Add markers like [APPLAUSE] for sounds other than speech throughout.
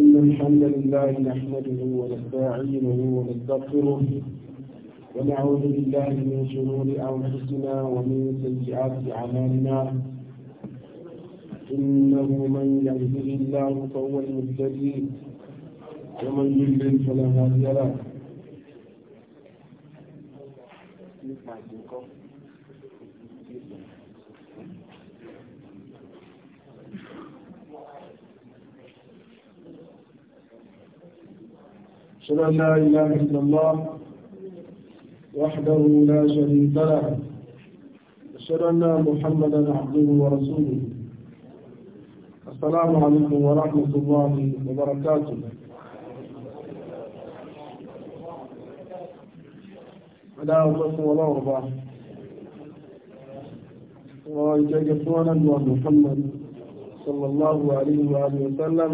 إن الحمد لله نحمده ونستعينه ونستغفره ونعوذ بالله من شرور أنفسنا ومن سيئات أعمالنا إنه من يهده الله فهو المهتدي ومن يضلل فلا هادي له Thank you. أشهد أن لا إله إلا الله وحده لا شريك له أشهد أن محمدا عبده ورسوله السلام عليكم ورحمة الله وبركاته ألا أرضكم ولا أرضى ويجاجفون أنوار محمد صلى الله عليه وآله وسلم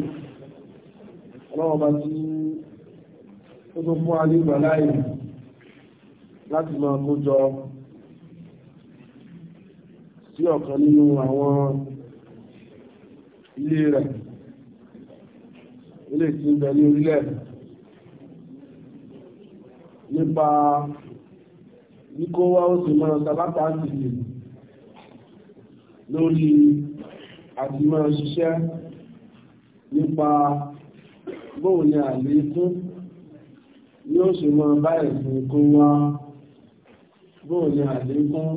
روضتي ó tó fún alígbà láì láti mọ kójọ sí ọ̀kan nínú àwọn ilé rẹ̀ ilé tí ń bẹ ní orílẹ̀ nípa níkó wá ó sì mọ́ sábátà sí lórí àti mọ́ ṣiṣẹ́ nípa bóò ni àlékún yóò ṣe mọ́ báyìí fún kó wá bóò ní àlékún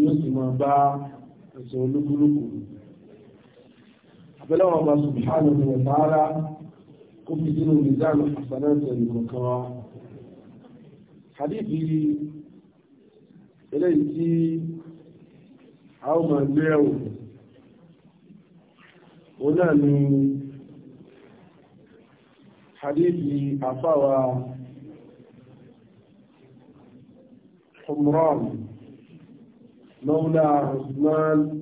yóò sì mọ́ bá ẹ̀sẹ̀ olúkúlùkù abẹ́lẹ́wọ̀n bá subhanahu wa ta'ala kó fi sínú ìdáàlù àfẹ́rẹ́sẹ̀ nìkan wa hadithi eléyìí tí a ó máa gbé ẹ̀wò حديث أفاوى حمران مولى عثمان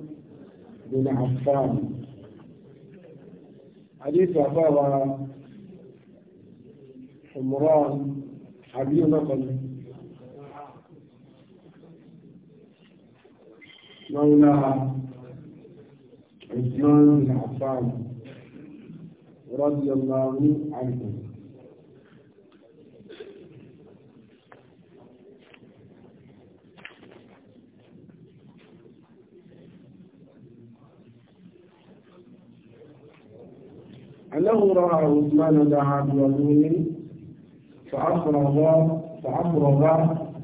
بن عفان حديث أفاوى حمران حبيب نقل مولى عثمان بن عفان رضي الله عنه أنه رأى عثمان دعا بيمين فأفرغ فأفرغ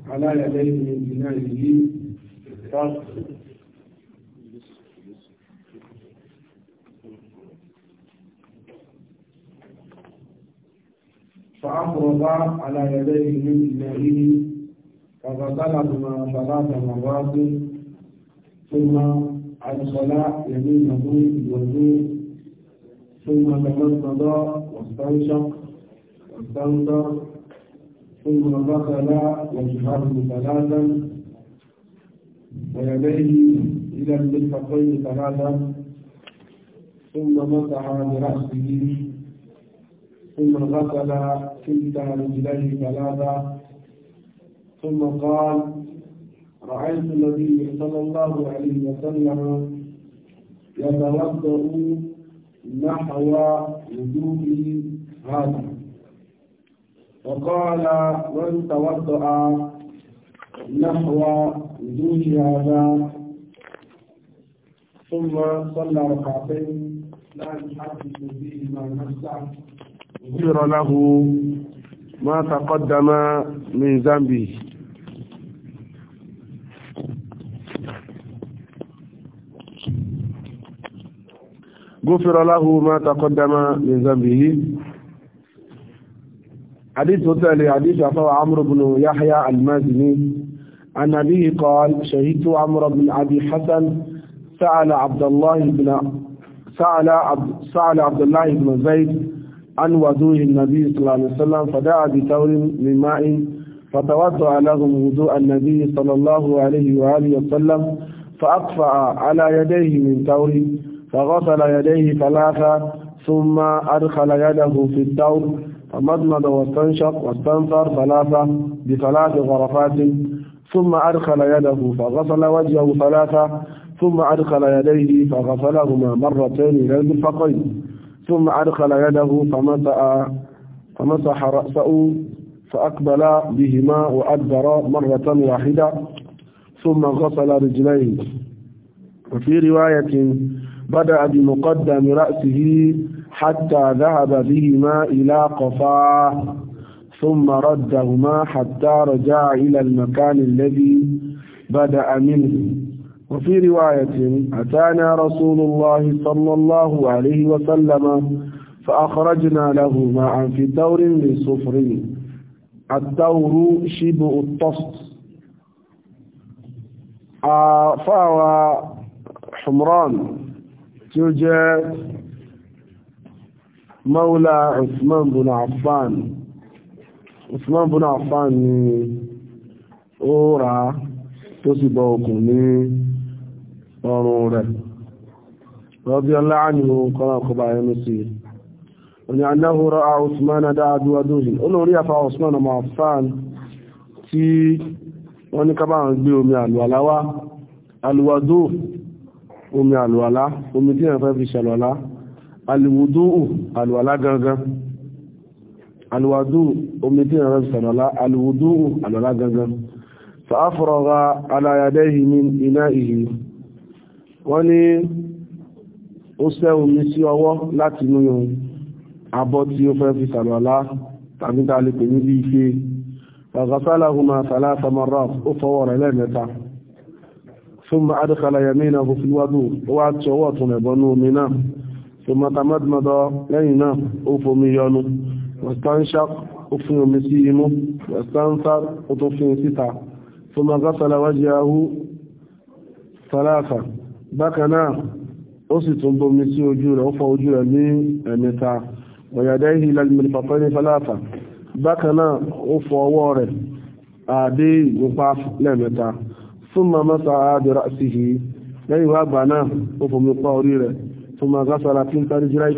على يديه من جنائه فأفرض على يديه من مائه فغسلهما ثلاث مرات ثم أدخل يمينه الوضوء ثم تمضمض واستنشق واستنثر ثم غسل وجهه ثلاثا ويديه إلى المرفقين ثلاثا ثم مسح برأسه ثم غسل كلتا رجليه ثلاثة ثم قال رأيت النبي صلى الله عليه وسلم يتوضأ نحو وجوده هذا وقال من توضأ نحو وجوده هذا ثم صلى ركعتين لا يحدث فيهما نفسه غفر له ما تقدم من ذنبه غفر له ما تقدم من ذنبه حديث التالي حديث أخوه عمرو بن يحيى المازني عن أبيه قال شهدت عمرو بن أبي حسن سأل عبد الله بن سأل عبد, سأل عبد الله بن زيد عن وضوء النبي صلى الله عليه وسلم فدعا بثور من ماء فتوضأ لهم وضوء النبي صلى الله عليه وآله وسلم فأقفأ على يديه من ثور فغسل يديه ثلاثة ثم أدخل يده في الثور فمضمض واستنشق واستنثر ثلاثة بثلاث غرفات ثم أدخل يده فغسل وجهه ثلاثة ثم أدخل يديه فغسلهما مرتين إلى المرفقين ثم أدخل يده فمسح فمسح رأسه فأقبل بهما وأدبر مرة واحدة ثم غسل رجليه وفي رواية بدأ بمقدم رأسه حتى ذهب بهما إلى قفاه ثم ردهما حتى رجع إلى المكان الذي بدأ منه وفي رواية أتانا رسول الله صلى الله عليه وسلم فأخرجنا له ماء في دور من صفر الدور شبء الطست فهو حمران توجد مولى عثمان بن عفان عثمان بن عفان أورا ó ra ọrùn rẹ̀ rọ́bí ọláàánú kọ́lọ̀kọ́bà ẹnu sí òní anáhùrọ̀ a Usman dáadúwà dóhì olórí afá Usman ọmọ afán tí wọ́n ní kábà ń gbé omi àlùwàlá wá alùwàdó omi àlùwàlá omi tí wọ́n fẹ́ fi ṣàlùwàlá alùwàdó àlùwàlá gangan alùwàdó omi tí wọ́n fi ṣàlùwàlá alùwàdó àlùwàlá gangan fa'afragha ala yadayhi min ina'ihi wọ́n ní ó sẹ́ omi sí ọwọ́ láti inú abọ́ tí ó fẹ́ fi sàlọ́lá tàbí tá a lè pè níbi ife فغسلهما ثلاث مرات أفور لمتا ثم أدخل يمينه في الوضوء وأتشوات بنو منا ثم تمدمد لينا أفميون واستنشق أفن مسيهم واستنثر أطفن ستا ثم غسل وجهه ثلاثة bákan náà ó sì tún bomi sí ojú rẹ̀ ó fọ ojú rẹ̀ ní ẹ̀mẹta ọ̀yàdá ìhì lálùmọ̀lì pàpẹ́ ní fẹ́láàfà bákan ó fọ ọwọ́ rẹ̀ àdé ìgbópa lẹ́ẹ̀mẹta fún màmá àádọ́ra sí i lẹ́yìn wá gbà náà ó fomi pa orí rẹ̀ fún màmá gásàrà tí ń tarí jíráì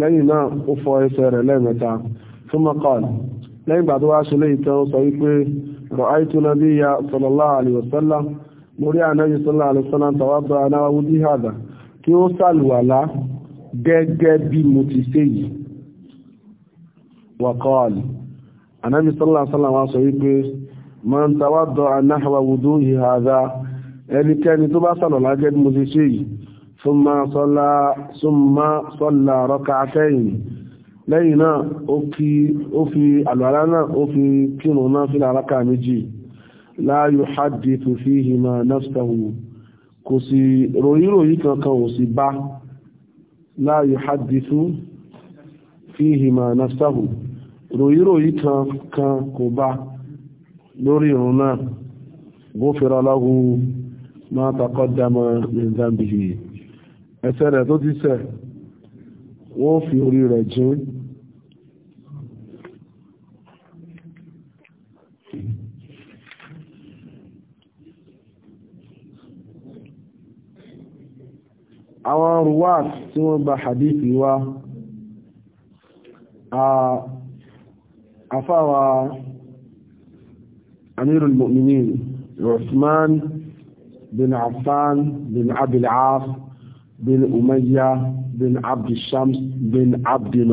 lẹ́yìn náà ó fọ ẹsẹ̀ rẹ̀ lẹ́ẹ̀mẹta fún mọ́kànlá lẹ́yìn gbà lórí ànábì sallallahu alaihi wasallam tàwàbà anáwáwú bí hàdà kí ó sàlùwàlá gẹ́gẹ́ bí mo ti ṣe yìí wàkọ́ọ̀lì ànábì sallallahu alaihi wasallam sọ wípé man tàwàbà anáwáwú bí hàdà ẹnikẹ́ni tó bá sàlùwàlá gẹ́gẹ́ bí mo ti ṣe yìí súnmọ́ sọ́lá súnmọ́ sọ́lá rak'atayn lẹ́yìn náà ó la yuhaddithu fihima nafsahu kò sí ròyìnròyìn kankan ò sí bá la yuhaddithu fihima nafsahu ròyìnròyìn kankan kò bá lórí ìrun náà ghufira lahu ma taqaddama min dhanbihi ẹ̀ṣẹ̀ rẹ̀ tó ti ṣẹ̀ wọ́n fi orí rẹ̀ jìn àwọn ruwat tí wọ́n gba hadithi wa àfáwà amirul mu'minin Uthman bin Affan bin Abdul As bin Umayya bin Abdul Shams bin Abdul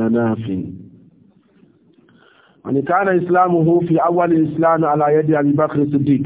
wani kana islamuhu fi awwal islam ala yadi Abi Siddiq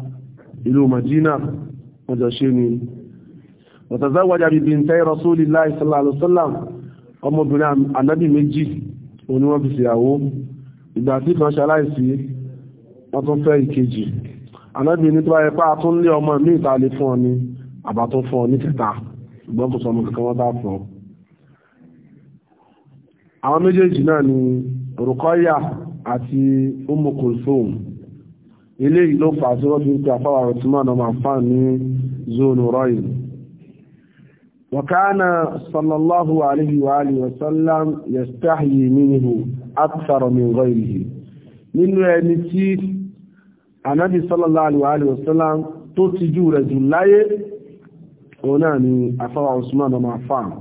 ìlú Madina wọ́n jọ ṣe ni watazawaja bibintai rasulillahi sallallahu alaihi wasallam ọmọbìnrin ànábì méjì òní wọ́n fi ṣèyàwó ìgbà tí kan ṣaláìsí wọ́n tún fẹ́ ìkejì ànábì ní tó bá yẹ pé a tún lé ọmọ mi ìta lè fún ọ ní àbá tó fún ọ ní kẹta ìgbọ́n kò sọmọ kankan wọ́n bá fún ọ àwọn méjèèjì náà ni Ruqayya àti Ummu Kulthum eléyìí ló fà sí wọ́n tí àfáwà Uthman ọmọ àfáà ní zonu rọ́yìn wàkánà sallallahu alaihi wa alihi wa sallam yastahyi minhu akthar min ghayrihi nínú ẹni tí anábi sallallahu alaihi wa alihi wa sallam tó ti jù rẹ̀ jù láyé òun ni àfáwà Uthman ọmọ àfáà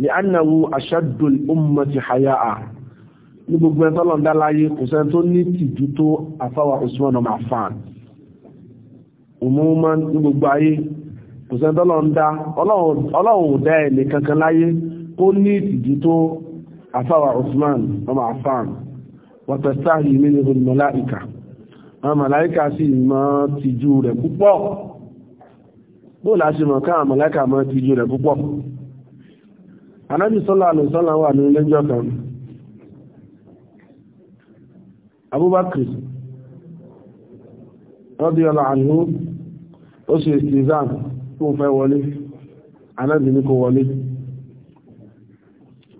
li annahu ashaddu ummati haya'a ní gbogbo ẹ̀tọ́lọ̀ dáláyé kò sẹ́ tó ní tìjú tó àfáwà Usman ọmọ àfáàn òmúmọ́ ní gbogbo ayé kò sẹ́ tọ́lọ̀ ń dá ọlọ́run dá ẹ̀lẹ́ kankan láyé kó ní tìjú tó àfáwà Usman ọmọ àfáàn wàtẹ̀sáàlì mílíọ̀nù mọ́láìkà àwọn mọ̀láìkà sì mọ́ tìjú rẹ̀ púpọ̀ bó abubakar radiyallahu anhu ó ṣe ìsìnzán tó fẹ́ wọlé anábì ní kò wọlé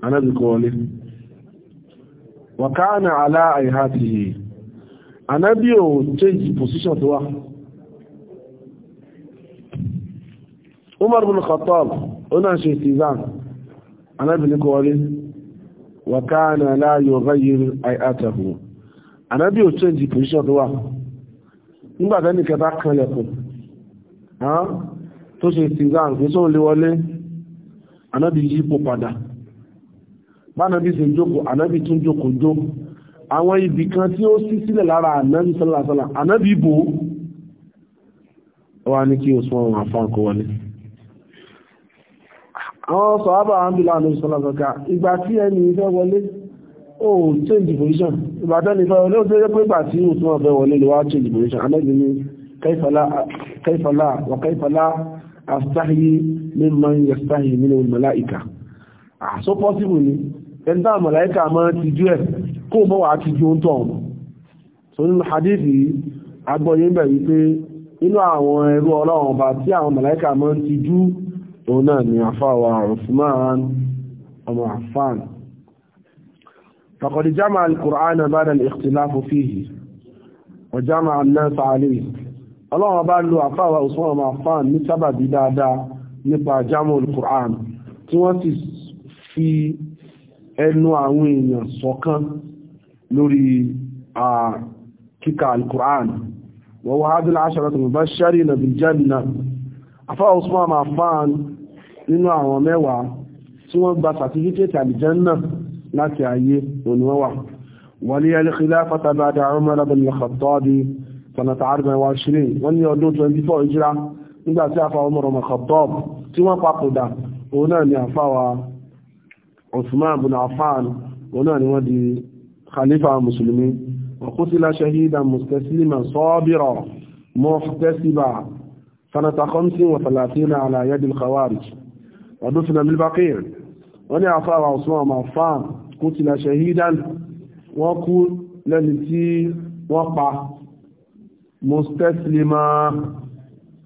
anábì kò wọlé wàkánà alá àìhàtìyè anábì ò change position tó wà umar bin khattab ó náà ṣe ìsìnzán anábì ní kò wọlé wàkánà alá yóò gáyìí ànábì ò change position tó wà nígbà tẹ́nì kẹta kanlẹ̀kùn tó ṣe ìsìnká nǹkan tó lè wọlé ànábì yípo padà bánábì ṣe jókòó ànábì tún jókòó jó àwọn ibì kan tí ó ṣí sílẹ̀ lára ànábì sọ́làsọ́là ànábì bò ó wá ní kí Usman wọn àfáà kó wọlé àwọn sọ̀hábà àmì lánàá ó change position ìbàdàn nìkan olóò tó yẹ pé gbà tí ó tún ọ̀bẹ̀ wọlé lè wá change position alẹ́gbẹ̀ẹ́ ní kaifala wa kaifala astahi mimman yastahi nínú mọ̀láìkà àṣọ possible ni ẹni tá mọ̀láìkà máa ti jú ẹ̀ kó mọ́ wà á ti jú oúntọ̀ ọ̀nà so nínú hadith yìí agbọ́yé ń bẹ̀ wípé inú àwọn ẹrú ọlọ́run ọba tí àwọn mọ̀láìkà máa ti jú òun náà ni àfáwà Usman ọmọ Affan فقد جمع القرآن بعد الاختلاف فيه وجمع الناس عليه ọlọ́run bá lo àfáwà òsùn ọmọ afán ní sábàbí dáadáa nípa jámọ̀ olùkùrán tí wọ́n ti fi ẹnu àwọn èèyàn ṣọ̀kan lórí kíkà alkùrán wọ́n wá hádùn aṣọ́rọ̀ tó bá ṣẹ́rì na bí jẹ́nà àfáwà òsùn ọmọ afán nínú àwọn mẹ́wàá tí wọ́n gba sàtífíkẹ́tì àlìjẹ́nà náà láti ayé oníwọ́wà wọ́n yẹ́ al-khilafata ba'da Umar ibn al-Khattab sanata arba wa shirin wọ́n ní ọdún 24 ìjírá nígbà tí àfà Umar ibn al-Khattab tí wọ́n papòdà òun náà ni àfà wa Uthman ibn Affan òun náà ni wọ́n di khalifa musulmi wa qutila shahidan mustasliman sabira muhtasiba sanata 35 ala yadi al-khawarij wa dufina bil-Baqi' wọ́n ní àfáwà Usman Affan kutila shahidan wọ́n kú lẹ́ni tí wọ́n pa mustaslima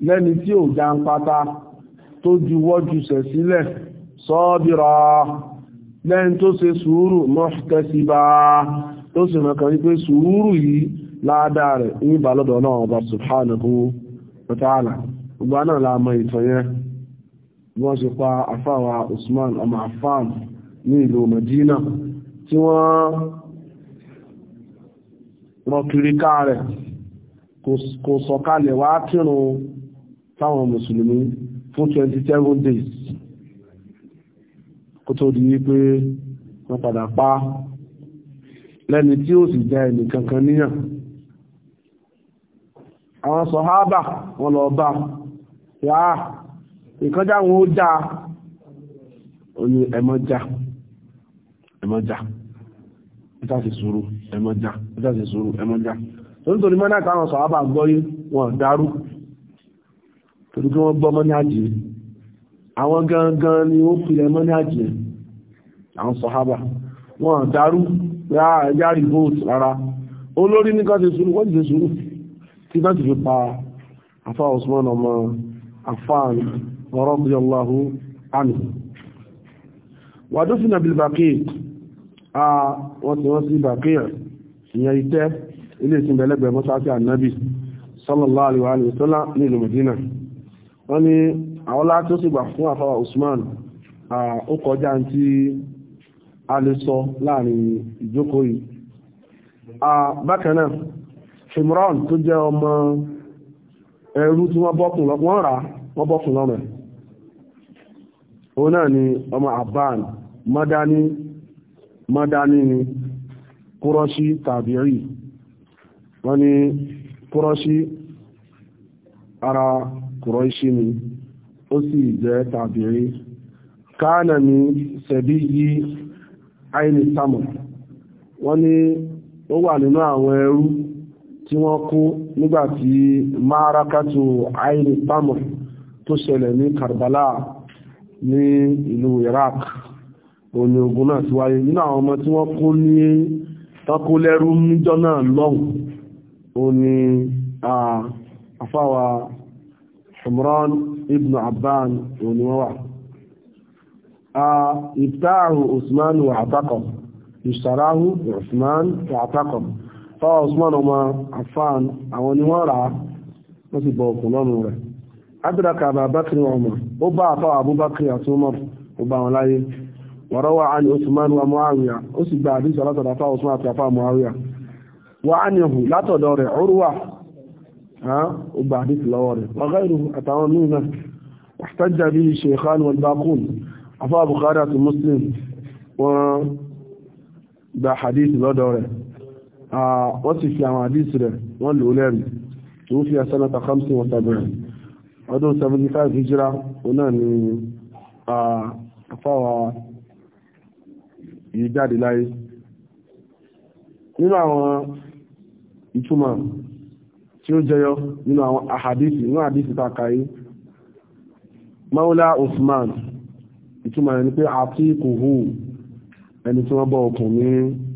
lẹ́ni tí ò jàǹpátá tó juwọ́ jùsẹ̀ sílẹ̀ sọ́bìrà lẹ́ni tó ṣe sùúrù muhtasiba tó sì mọ̀kàn wípé sùúrù yìí láàdáa rẹ̀ ní ìbálọ́dọ̀ náà ọba subhanahu wa ta'ala gbogbo náà la mọ ìtàn yẹn wọ́n ṣe pa àfáwà Usman ọmọ Affan ní ìlú Medina tí wọ́n rọ kiri ká rẹ̀ kò sọ̀kalẹ̀ wá kírun táwọn mùsùlùmí fún 27 days kó tó di wípé wọ́n padà pa lẹ́ni tí ó sì jẹ́ ẹni kankan níyàn àwọn sọ̀hábà wọ́n lọ bá yáà nǹkan já wọn ó já ó ní ẹmọ́já ẹmọ́já ẹjá sí sùúrù ẹmọ́já ẹjá sí sùúrù ẹmọ́já nítorí mọ́nà káwọn sọ̀hábà gbọ́yé wọn dárú torí kí wọ́n gbọ́ mọ́ní àjẹ́ àwọn gangan ni ó pìlẹ̀ mọ́ní àjẹ́ àwọn sọ̀hábà wọn dárú ah, ẹjá rí vote rárá olórí ní kan sùúrù wọ́n ti sùúrù tí bá ti fi pa afá Usman ọmọ afáàní ورضي الله عنه ودفن بالبقيع وسوسي بقيع يأتي ilé ìsìn bẹ̀lẹ̀ bẹ̀rẹ̀ mọ́sáàtì ànábì sallallahu alaihi wa alihi wa sallam ní ìlú Medina wọ́n ní àwọ́lá tí ó sì gbà fún a láàrin ìjókòó yìí bákan náà Imran tó jẹ́ ọmọ ẹrú tí wọ́n bọ́kùn òun náà ni ọmọ abban madani madani ni kúrọ́ṣí tàbírí wọ́n ni kúrọ́ṣí ara kúrọ́ṣí ni ó sì jẹ́ tàbírí káànà ni sẹ̀bí yí àìní samun wọ́n ni ó wà nínú àwọn ẹrú tí wọ́n kú nígbàtí márakàtù àìní samun tó Karbala ní ìlú Iraq òní ogun náà ti wáyé nínú àwọn ọmọ tí wọ́n kó ní tọ́kó lẹ́rú níjọ́ náà lọ́hùn òní àfáwà Imran ibn Abban òní wọ́n wà ìtààrù Usman wà àtàkọ̀ ìṣàráhù Usman wà àtàkọ̀ fáwà Usman ọmọ Affan àwọn ni wọ́n rà wọ́n sì bọ̀ ọ̀pọ̀ lọ́nu rẹ̀ adraka abubakar wa umar ó bá àfà abubakar àti umar ó bá wọn láyé wàrọwà àni usman wa muawiya ó sì gba àdìsí alátọ̀dọ̀ afá usman àti afá muawiya wà á ní ọ̀hún látọ̀dọ̀ rẹ̀ urwa ó gba àdìsí lọ́wọ́ rẹ̀ ọ̀gá ìrù àtàwọn míì náà wàtàjà bíi sheikhan wal baqun afá bukhari àti muslim wọn gba àdìsí lọ́dọ̀ rẹ̀ ah, wọ́n sì fi àwọn àdìsí rẹ̀ wọ́n lò lẹ́rìí tó fi ẹsẹ̀ náà ta 75 ọdún 75 hijira ọ̀nà ni àfáwà yìí jáde láyé nínú àwọn ìtumọ̀ tí ó jẹyọ nínú àwọn àhàdìsì nínú àdìsì tàkàí maula usman ìtumọ̀ ẹni pé àti kòhù ẹni tí wọ́n bọ́ okùn ní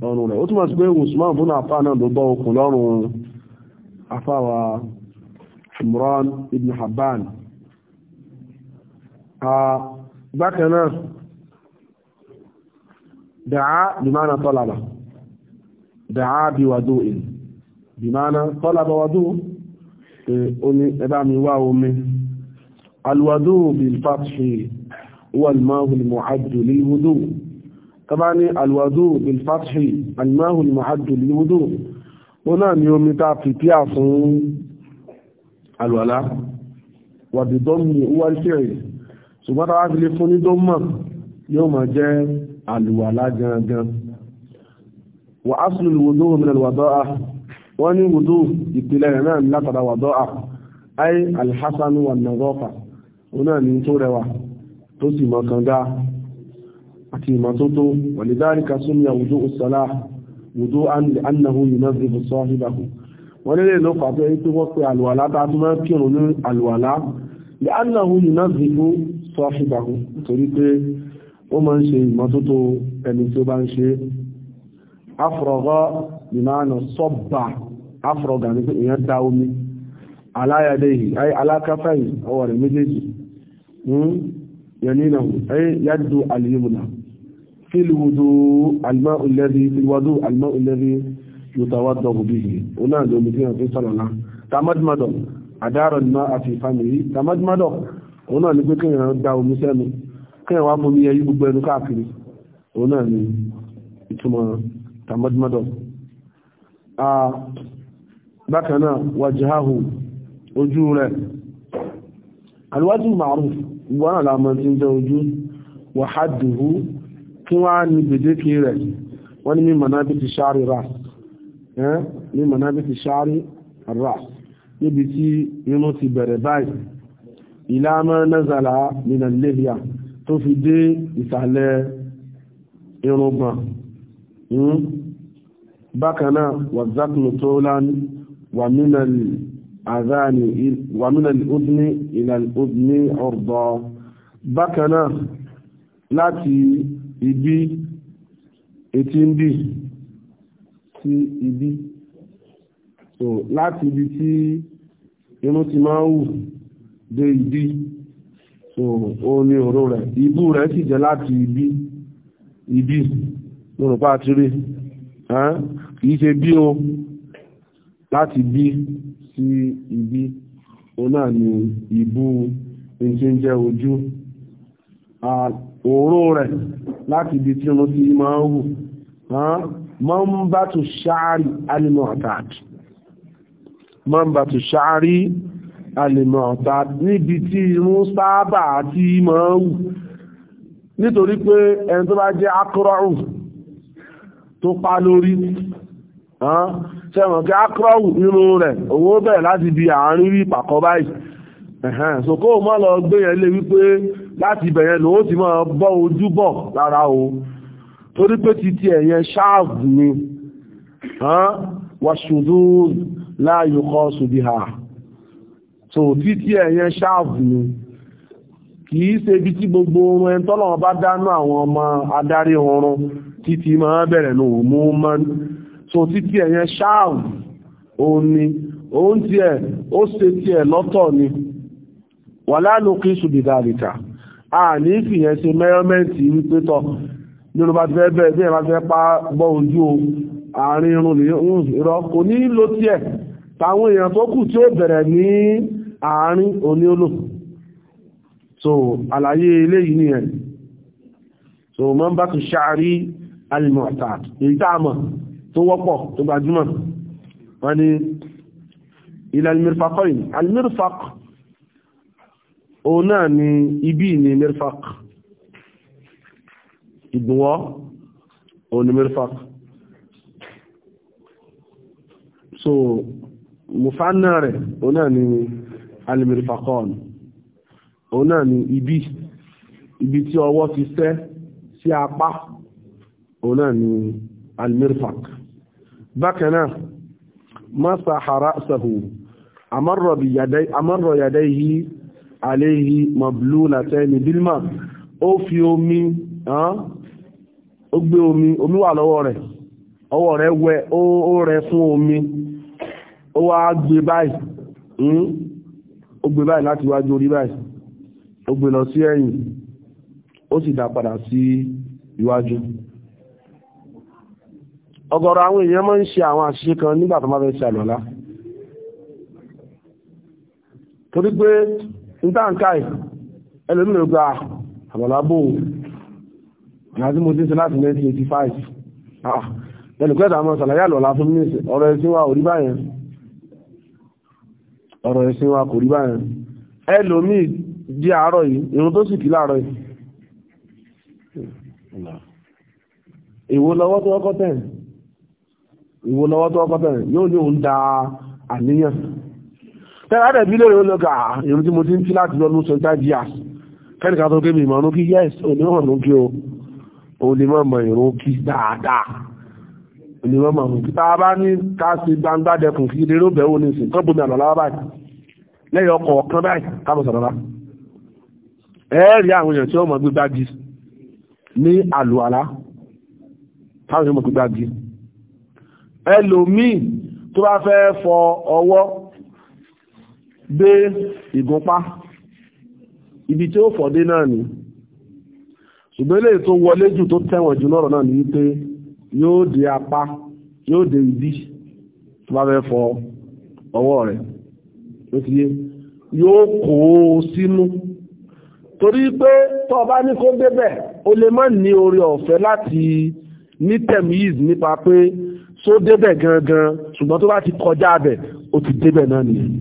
ọrùn rẹ̀ ó túnmọ̀ sí pé usman bún àfáà náà ló bọ́ okùn lọ́rùn àfáwà Imran ibn Habban bákan náà dàá bìmánà tọ́làbà dàá bí wàdó ìn bìmánà tọ́làbà wàdó oní ẹbá mi wá omi alwàdó bilfathi wal mahul mu'addu lil wudu tabani alwàdó bilfathi al mahul mu'addu lil wudu ó ni omi ta fìpíà fún alùwàlá wàbí dọ́mì wọ́n kẹrì ṣùgbọ́n tàwà fi lè fún ní dọ́mọ̀ yóò máa jẹ́ alùwàlá gangan wà á sùn lùwòdó min alwàdọ́à wọ́n ní wùdó ìpìlẹ̀ rẹ̀ náà látara wàdọ́à ay alhassanu wa nazofa òun náà ní tó rẹwà tó sì mọ kanga àti ìmọ̀tótó wàlídáríkà súnmí àwùdó òsàlá wùdó annahu yunazzibu sahibahu wọ́n lè lọ pàtó ẹni tí wọ́n pe àlùwàlá tá a tún máa ń kírun ní àlùwàlá lè ánàhù yìnà zìgbó sọ àfihàn torí pé ó máa ń ṣe ìmọ́tótó ẹni tí ó bá ń ṣe afrọ̀gọ́ ìmáàna sọ́bà afrọ̀gà ní pé èèyàn da omi aláyàdé yìí alákáfà yìí ọwọ́ rẹ̀ méjèèjì yẹnìnà yàdù àlìyébùnà fílùwùdù àlìmọ́ ìlẹ́rí يتوضأ به una لو مثلا في صلاة تمدمد أدار الماء في فمه تمدمد هنا لو كان يدعو مثلا كان يوام مي يغبو انو كافري هنا ني ìtumọ̀ tàmọ́dúnmọ́dọ̀ a bákanáà wàjíháhù ojú rẹ̀ alwájú ma'ruf wọ́n alamọ́ tí ń jẹ ojú wà hádùú kí wọ́n ní gbèdéke rẹ̀ wọ́n ni mímọ̀ náà bi ti ṣáàrí rásì ní mọ̀nábí ti ṣáárí ra níbi tí irun ti bẹ̀rẹ̀ báyìí ìlàmọ́ nazala nínà lẹ́yà tó fi dé ìsàlẹ̀ irùngbọ̀n bákanáà wà zákùnù tó lánìí ومن الأذان ومن الأذن إلى الأذن عرضا بكنا láti ibi etí ń bí sí ibi so láti ibi tí irun ti máa ń wù dé ibi so ó ní òró rẹ̀ ibú rẹ̀ sì jẹ́ láti ibi ibi lórúkọ àtúrí kìí ṣe bí o láti bí sí ibi ó náà ni ibú ìṣẹ́jẹ́ ojú òró rẹ̀ láti ibi tí irun ti máa ń wù mọ́mbàtù ṣáàrí alìmọ̀tàd mọ́mbàtù ṣáàrí alìmọ̀tàd níbi tí irun sábà àti máa wù nítorí pé ẹni tó bá jẹ́ akọ́rọ̀rùn tó pa lórí ṣẹ́wọ̀n kí akọ́rọ̀rùn irun rẹ̀ owó bẹ̀rẹ̀ láti bí àárín rí pàkọ́ báyìí ẹ̀hẹ́n so kó mọ́ lọ gbé yẹn lé wípé láti bẹ̀yẹn torí pé títí ẹ̀yẹ ṣáàbù ni wà ṣùdúr láàyò kọ́ ṣùdíhà so títí ẹ̀yẹ ṣáàbù ni kìí ṣe ibi tí gbogbo ọmọ ẹni tọ́lọ́wọ́ bá dánú àwọn ọmọ adarí ọrùn títí máa bẹ̀rẹ̀ ní òmú mọ́n so títí ẹ̀yẹ ṣáàbù òun ni òun ti ẹ̀ ó ṣe ti ẹ̀ lọ́tọ̀ ni wà lánàá kí ṣùdíhà àní fìyẹn ṣe mẹ́rọ́mẹ́ntì wípé tọ́ nínú bá ti fẹ́ bẹ́ẹ̀ bí ẹ̀ bá fẹ́ pa bọ́ ojú o àárín irun ní irọ́ kò ní lo tiẹ̀ táwọn èèyàn tó kù tí ó bẹ̀rẹ̀ ní àárín òní olò so àlàyé eléyìí nìyẹn so man bá ti ṣáàrí al-mu'tad èyí tá a mọ̀ tó wọ́pọ̀ tó gbajúmọ̀ wọ́n ni ilẹ̀ al-mirfaqayn al òun náà ni ibi ni mirfaq ìgbìnwọ́ onímẹ́rífàk so mufanna rẹ̀ òun náà ni alimẹ́rífàkọ́n òun náà ni ibi ibi tí ọwọ́ ti sẹ́ sí apá òun náà ni alimẹ́rífàk bákan náà masaha ra'sahu amarra bi yaday amarra yadayhi alayhi mablulatayn bilma ó fi omi hàn ó gbé omi omi wà lọ́wọ́ rẹ̀ ọwọ́ rẹ̀ wẹ ó rẹ fún omi ó wá gbé báyìí hmm? ó gbé báyìí láti wájú orí báyìí ó gbé lọ sí ẹ̀yìn ó sì dá padà sí iwájú ọ̀gọ̀rọ̀ àwọn èèyàn máa ń ṣe àwọn àṣìṣe kan nígbà tó máa fẹ́ ṣe àlọ́lá torí pé ní táǹkà ẹlòmíràn gba àbọ̀lábò àti mo ti ṣe láti 1985 ẹnìkẹ́ta àmọ́ ṣàlàyé àlọ́lá fún mínísì ọ̀rọ̀ ẹ̀sìn wa kò rí báyẹn ọ̀rọ̀ ẹ̀sìn wa kò rí báyẹn ẹlòmíì di àárọ̀ yìí irun tó sì kí láàárọ̀ yìí ìwo lọ́wọ́ tó ọkọ́ tẹ̀ ìwo lọ́wọ́ tó ọkọ́ tẹ̀ yóò ní òun da ah, o òun lè mọ̀mọ̀ ìrò kí dáadáa òun lè mọ̀mọ̀ ìrò kí táwa bá ní ká sí gbangba dẹkùn kí lè róbẹ̀ wo ní ìsìn kán bomi àlọ́lá báyìí lẹ́yìn ọkọ̀ ọ̀kan báyìí kábọ̀ sọ̀rọ̀lá ẹ̀ẹ́rì àwọn èèyàn tí wọ́n mọ̀ gbé ibi tí ó fọ̀ náà nìí ṣùgbọ́n eléyìí tó wọlé jù tó tẹ̀wọ̀n jù lọ́rọ̀ náà ni wípé yóò dé apá yóò dé ìdí tó bá fẹ́ fọ ọwọ́ rẹ̀ ló ti yé yóò kó o sínú torí pé tó o bá ní kó débẹ̀ o lè má ní orí ọ̀fẹ́ láti ní tẹ̀míìz nípa pé só débẹ̀ gangan ṣùgbọ́n tó bá ti kọjá abẹ̀ ó ti débẹ̀ náà nìyẹn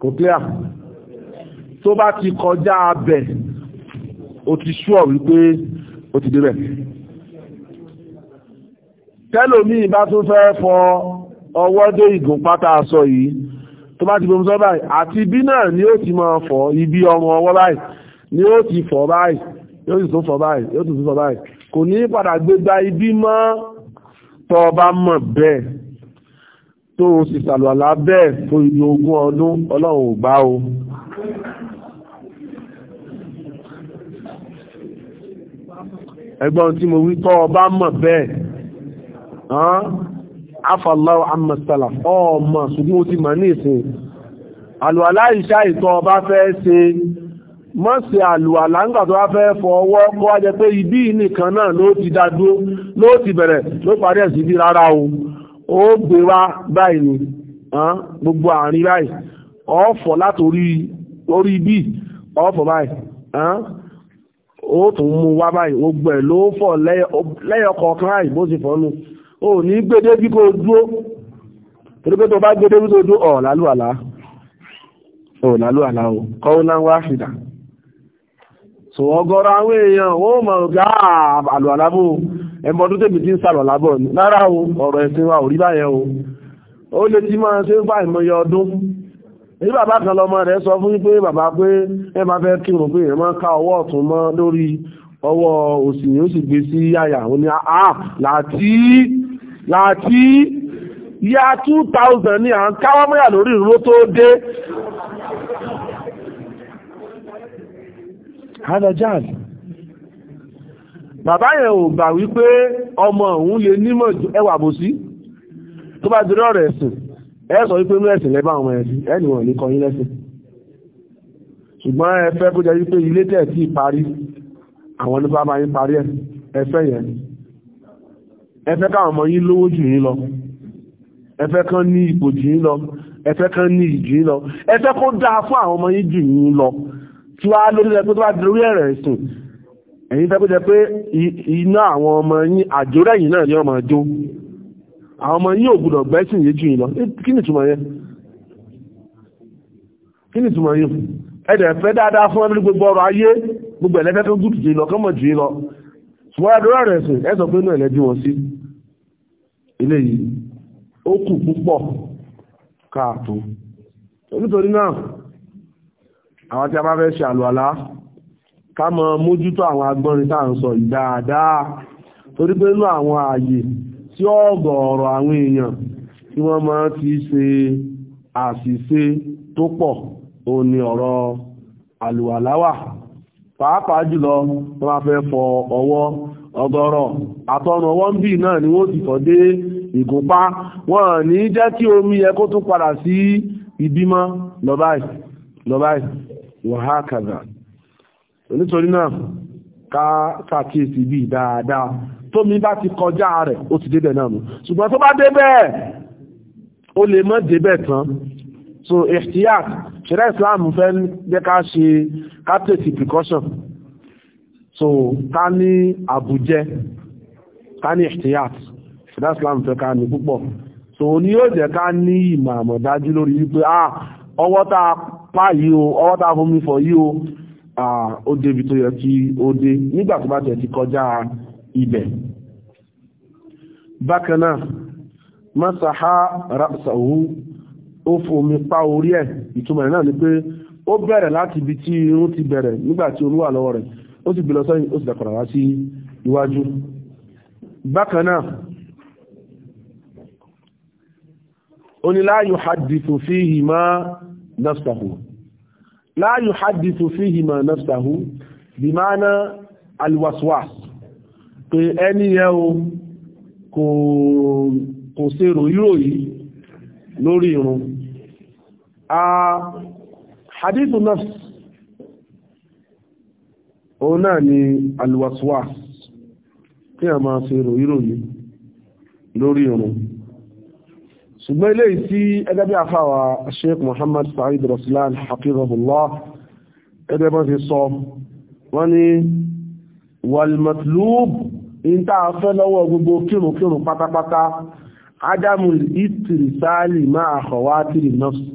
kò clear tó bá ti kọjá abẹ̀ o ti ṣúọ̀ wípé o ti débẹ̀ tẹ́lòmí bá tún fẹ́ fọ ọwọ́ dé ìgùn pátá aṣọ yìí tó bá ti bomi sọ báyìí àti ibi náà ni ó ti máa fọ ibi ọrùn ọwọ́ báyìí ni ó ti fọ báyìí yóò sì tún fọ báyìí yóò sì tún fọ báyìí kò ní padà gbégbá ibi mọ́ tọ́ ọba mọ̀ bẹ́ẹ̀ tó o sì sàlùwàlá bẹ́ẹ̀ fún ibi ogún ọdún ọlọ́run ò gbá o. ẹgbọ́n tí mo wí tọ́ ọba mọ̀ bẹ́ẹ̀ afọláwọ̀ amọ̀sálà ọmọ ṣùgbọ́n ó ti mọ̀ ní ìsìn àlùwàlá ìṣá ìtọ́ ọba fẹ́ ṣe mọ́ sí àlùwàlá ńgbà tó wá fẹ́ fọ ọwọ́ kó wá jẹ pé ibí nìkan náà ló ti dádúró ló ti bẹ̀rẹ̀ ló parí ẹ̀sìn bí rárá o ó gbé wá báyìí ni gbogbo àárín báyìí ọ̀fọ̀ látòrí orí ibí ọ̀fọ̀ báyìí ó tún mú wá báyìí ó gbẹ̀ e, ló fọ̀ lẹ́yọkọ̀ọ̀kan àì bó sì fọ́nù ó ní gbédé bí kò dúó torí pé tó bá gbédé bí kò dúó ọ̀ lálùwàlá ọ̀ lálùwàlá ò kọ́ọ́lá wá fìdá so ọgọ́rọ̀ àwọn èèyàn ó mọ̀ ọ̀gá ah, àlùwàlábò ẹmọ ọdún tèmi tí ń sàlọ̀lábọ̀ lára o ọ̀rọ̀ ẹ̀sìn wa ò rí báyẹn o ó lè ti máa ṣe ń bá ìmọye ọdún èyí bàbá kan lọmọ rẹ̀ sọ fún pé bàbá pé ẹ máa fẹ́ kírun pé ẹ máa ká ọwọ́ ọ̀tún mọ́ lórí ọwọ́ òsì yóò sì gbé sí yàyà òun ni àá láti láti yá 2000 ni à ń káwọ́ mọ́yà lórí ìró tó dé hadajan bàbá yẹn ò gbà wípé ọmọ òun lè nímọ̀ ẹwà bòsí tó bá dúró rẹ̀ sùn ẹ sọ wípé inú ẹ̀sìn lẹ́bà àwọn ẹ̀sìn ẹni wọ̀n ní kọyín lẹ́sìn ṣùgbọ́n ẹ fẹ́ kó jẹ́ wípé ilé tẹ̀ tí parí àwọn ní bá máa ń parí ẹ̀ ẹ fẹ́ yẹn ẹ fẹ́ káwọn ọmọ yín lówó jù yín lọ ẹ fẹ́ kán ní ipò jù yín lọ ẹ fẹ́ ní ìjù yín lọ ẹ kó dáa fún àwọn ọmọ yín jù yín lọ tí wàá lórí ẹ pé tó bá di àwọn ọmọ yíò gbọ́dọ̀ gbẹ́sìn yé jù yìí lọ kí ni túmọ̀ yẹn kí ni túmọ̀ yẹn ẹ̀dẹ̀ fẹ́ dáadáa fún ẹni gbogbo ọrọ̀ ayé gbogbo ẹ̀lẹ́fẹ́ tó gùn jù lọ kọ́mọ̀ jù lọ ṣùgbọ́n àdúrà rẹ̀ sìn ẹ sọ pé náà ẹlẹ́bí wọn sí eléyìí ó kù púpọ̀ káàtó nítorí náà a bá fẹ́ ṣe àlùalá ká mọ mójútó àwọn agbọ́nrin tá à ń sọ yìí dáadáa torí tí ọ̀gọ̀ọ̀rọ̀ àwọn èèyàn tí wọ́n máa ti ṣe àṣìṣe tó pọ̀ ó ní ọ̀rọ̀ àlùwàláwà pàápàá jùlọ wọ́n fẹ́ fọ ọwọ́ ọ̀gọ̀ọ̀rọ̀ àtọrùn ọwọ́ ń bì náà ni wọ́n ti fọ̀ dé ìgúnpá wọn ní jẹ́ kí omi yẹ kó tún padà sí ìbímọ lọ́báì lọ́báì wàhákàdà nítorí náà ká kàkíyèsí bíi dáadáa tómi bá ti kọjá rẹ̀ ó ti débẹ̀ náà nù ṣùgbọ́n tó bá débẹ̀ ó lè mọ́ débẹ̀ tán so ihtiyat ṣẹlẹ̀ islam fẹ́ jẹ́ ká ṣe ká precaution so ká ní àbújẹ́ ká ní ihtiyat ṣẹlẹ̀ islam fẹ́ ká ní púpọ̀ so ní yóò jẹ́ ká ní ìmọ̀ àmọ̀dájú lórí wípé ah ọwọ́ tá a pa yìí o ọwọ́ tá a fún mi fọ̀ yìí o ah, ó débi tó yẹ kí ó dé nígbà tó bá tẹ̀ ti kọjá ibẹ̀ bákanáà masaha rapsahu ó fomi pa orí ẹ̀ ìtumọ̀ ẹ̀ náà ni pé ó bẹ̀rẹ̀ láti ibi tí irun ti bẹ̀rẹ̀ nígbàtí orí wà lọ́wọ́ rẹ̀ ó sì gbìlọ sẹ́yìn ó sì dàkọ̀rọ̀ wá sí iwájú bákanáà ó hadithu fíhì má nafsahu láàyò hadithu fíhì má nafsahu bí máa ná alwaswas pé ẹni yẹn o kò ṣe ròyírò yìí lórí irun a hadithu nafs òun náà ni alwaswas tí a máa ṣe ròyírò yìí lórí irun ṣùgbọ́n ilé tí ẹgbẹ́ bí afáwà sheikh muhammad sa'id raslan hafizahullah ẹgbẹ́ bá ti sọ wọ́n ni walmatlub in tá a lọ́wọ́ gbogbo kírùnkírùn pátápátá adamu istirisali máa àkọ̀wá tìrì nọ́ọ̀sì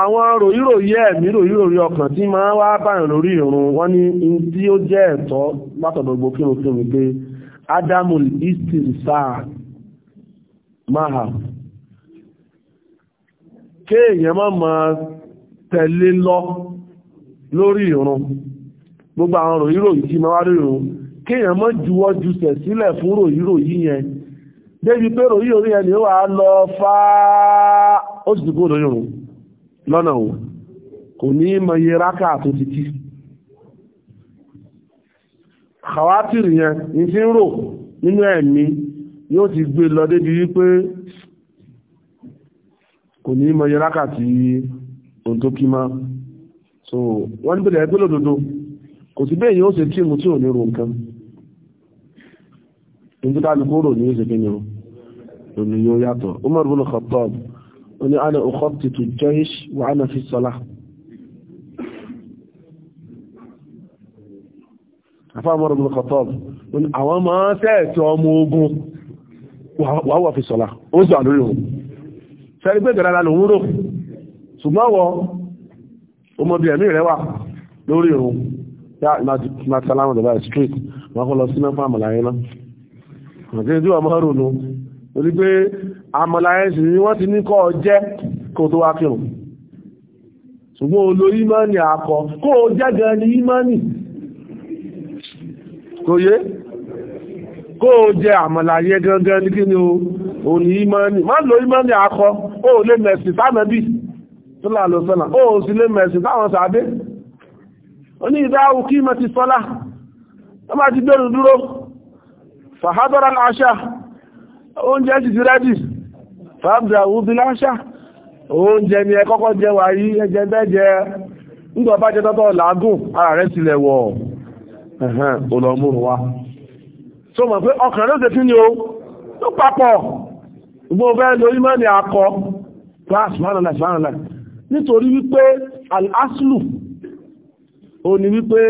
àwọn ròyíròyí ẹ̀mí ròyíròyí ọkàn tí máa wá ma lórí ìrun wọ́n ní tí ó jẹ́ ẹ̀tọ́ látọ̀dọ̀ gbogbo kírùnkírùn pé adamu istirisali máa ma tẹ̀lé lọ lórí ìrun gbogbo àwọn ròyíròyí tí máa wá lórí ìrun kéèyàn mọ́ juwọ́ jusẹ̀ sílẹ̀ fún ròyíròyí yẹn débi pé ròyíròyí yẹn ni ó wà lọ fá ó sì dìbò lóyún lọ́nà o kò ní mọye rákà tó ti kí kàwátìrì yẹn ní fi ń rò nínú ẹ̀mí yóò ti gbé lọ débi wípé kò ní mọye rákà tí òun tó kí máa so wọ́n níbẹ̀rẹ̀ ẹgbẹ́ lòdòdó kò sí bẹ́ẹ̀ yóò ṣe tí mo tí ò ní ro nǹkan níbi kálukú rò ní ìṣèké ni o òní yóò yàtọ̀ Umar bin Khattab ó ní ana ukhatitu jaysh wa ana fi salah afá Umar bin Khattab ó ní àwọn máa tẹ́ẹ̀tọ́ ọmọ ogun wà wà fi salah ó sọ àlórí òun sẹ́rí pé gẹ̀rẹ́ lálùú rò ṣùgbọ́n wọ ọmọ bí ẹ̀mí rẹ̀ wà lórí òun ya ìmájì máa sálámù dọ̀bá street wọ́n kọ́ lọ sí mẹ́fà àmàlà ọ̀kẹ́ tí wọ́n mọ́ ronú torí pé àmọ̀lá ni wọ́n ti ní kọ́ jẹ́ kó tó wá kírun ṣùgbọ́n olo ìmánì akọ kó o ni ìmánì kò yé kó o jẹ àmọ̀lá yẹ gangan ní kíni o ní ìmánì má lo ìmánì akọ ó lè mẹ̀sìn tánàbì tó lálọ́ sọ́nà ó sì lè mẹ̀sìn táwọn sàbẹ́ oní ìdáhùn kí mẹ́ ti sọ́lá fàhádọ́rà láṣà oúnjẹ ti ti rẹ́dì fàábdà òbí láṣà oúnjẹ ni ẹ kọ́kọ́ jẹ wà yí ẹjẹ bẹ́jẹ nígbà jẹ tọ́tọ́ làágùn ara rẹ̀ sílẹ̀ wọ̀ wa tó mọ̀ pé ọkàn ló ṣe kí ni o tó papọ̀ gbogbo bẹ́ẹ̀ lórí mọ́ ni akọ nítorí wípé al-aslu ó ní wípé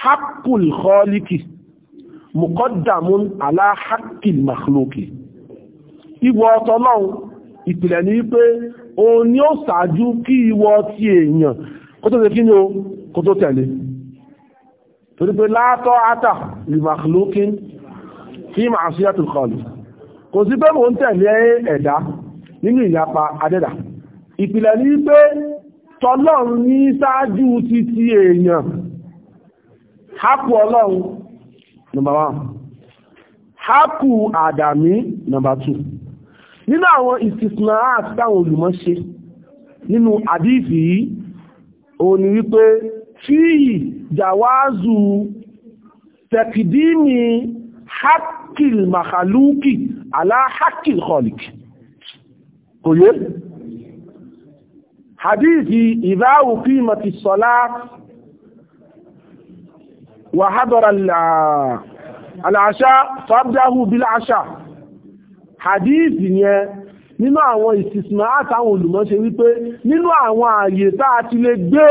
hakul khaliki mukọ́dàmún aláhàkìl makhluki ìwọ ọ̀tọ́lọ́un ìpìlẹ̀ ní pé o ní ó sàájú kí ìwọ ti èèyàn kó tó ṣe kí ní o kó tó tẹ̀lé torí pé látọ́ átà lè makhluki fi máa sí àtù kọlù kò sí pé mò ń tẹ̀lé ẹ̀dá nínú ìyapa adẹ́dà ìpìlẹ̀ ní pé tọ́lọ́un ní sáájú ti ti èèyàn hápù ọlọ́run number one haku àdàmí number two nínú àwọn ìsìsìnà àti táwọn olùmọ̀ ṣe nínú àdífì yìí òun ni wípé tí jàwázù tẹ̀kìdímì hakil mahaluki alá hakil holik kò yé hadithi ìdáhùn kí mọ̀ ti sọ́lá وحضر العشاء فابداه بالعشاء hadith yẹn nínú àwọn ìsìsìnà àtàwọn olùmọ̀ ṣe wípé nínú àwọn ààyè tá a ti lè gbé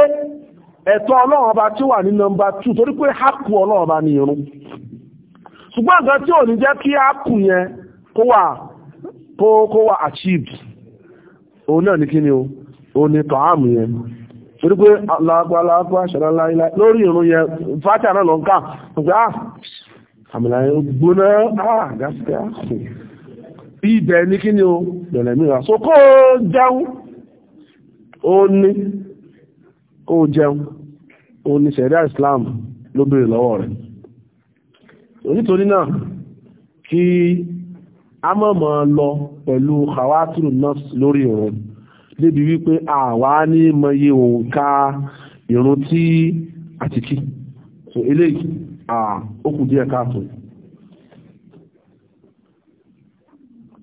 ẹ̀tọ́ ọlọ́run ọba tí ó wà ní nọmba 2 torí pé hápù ọlọ́run ọba ní irun ṣùgbọ́n nǹkan tí ò ní jẹ́ kí hápù yẹn kó wà kó wà achieved òun náà ní kí ni o òun ni tọ̀hámù yẹn torí pé aláàpá aṣọ́lá láìláì lórí ìrún yẹn fàtà náà lọ ń ká ọgbà àmìlàyé gbóná àgásíkà ah, ibẹ̀ ní kí ni o bẹ̀rẹ̀ mìíràn so kó jẹun ó ní kó jẹun ó ní sẹ̀dá Islam ló bèèrè lọ́wọ́ rẹ̀ nítorí náà kí a mọ̀ mọ̀ lórí ìrún débi wípé àwa ní mọye òǹkà ìrun tí àtìkí so eléyìí ó kù díẹ̀ káàtó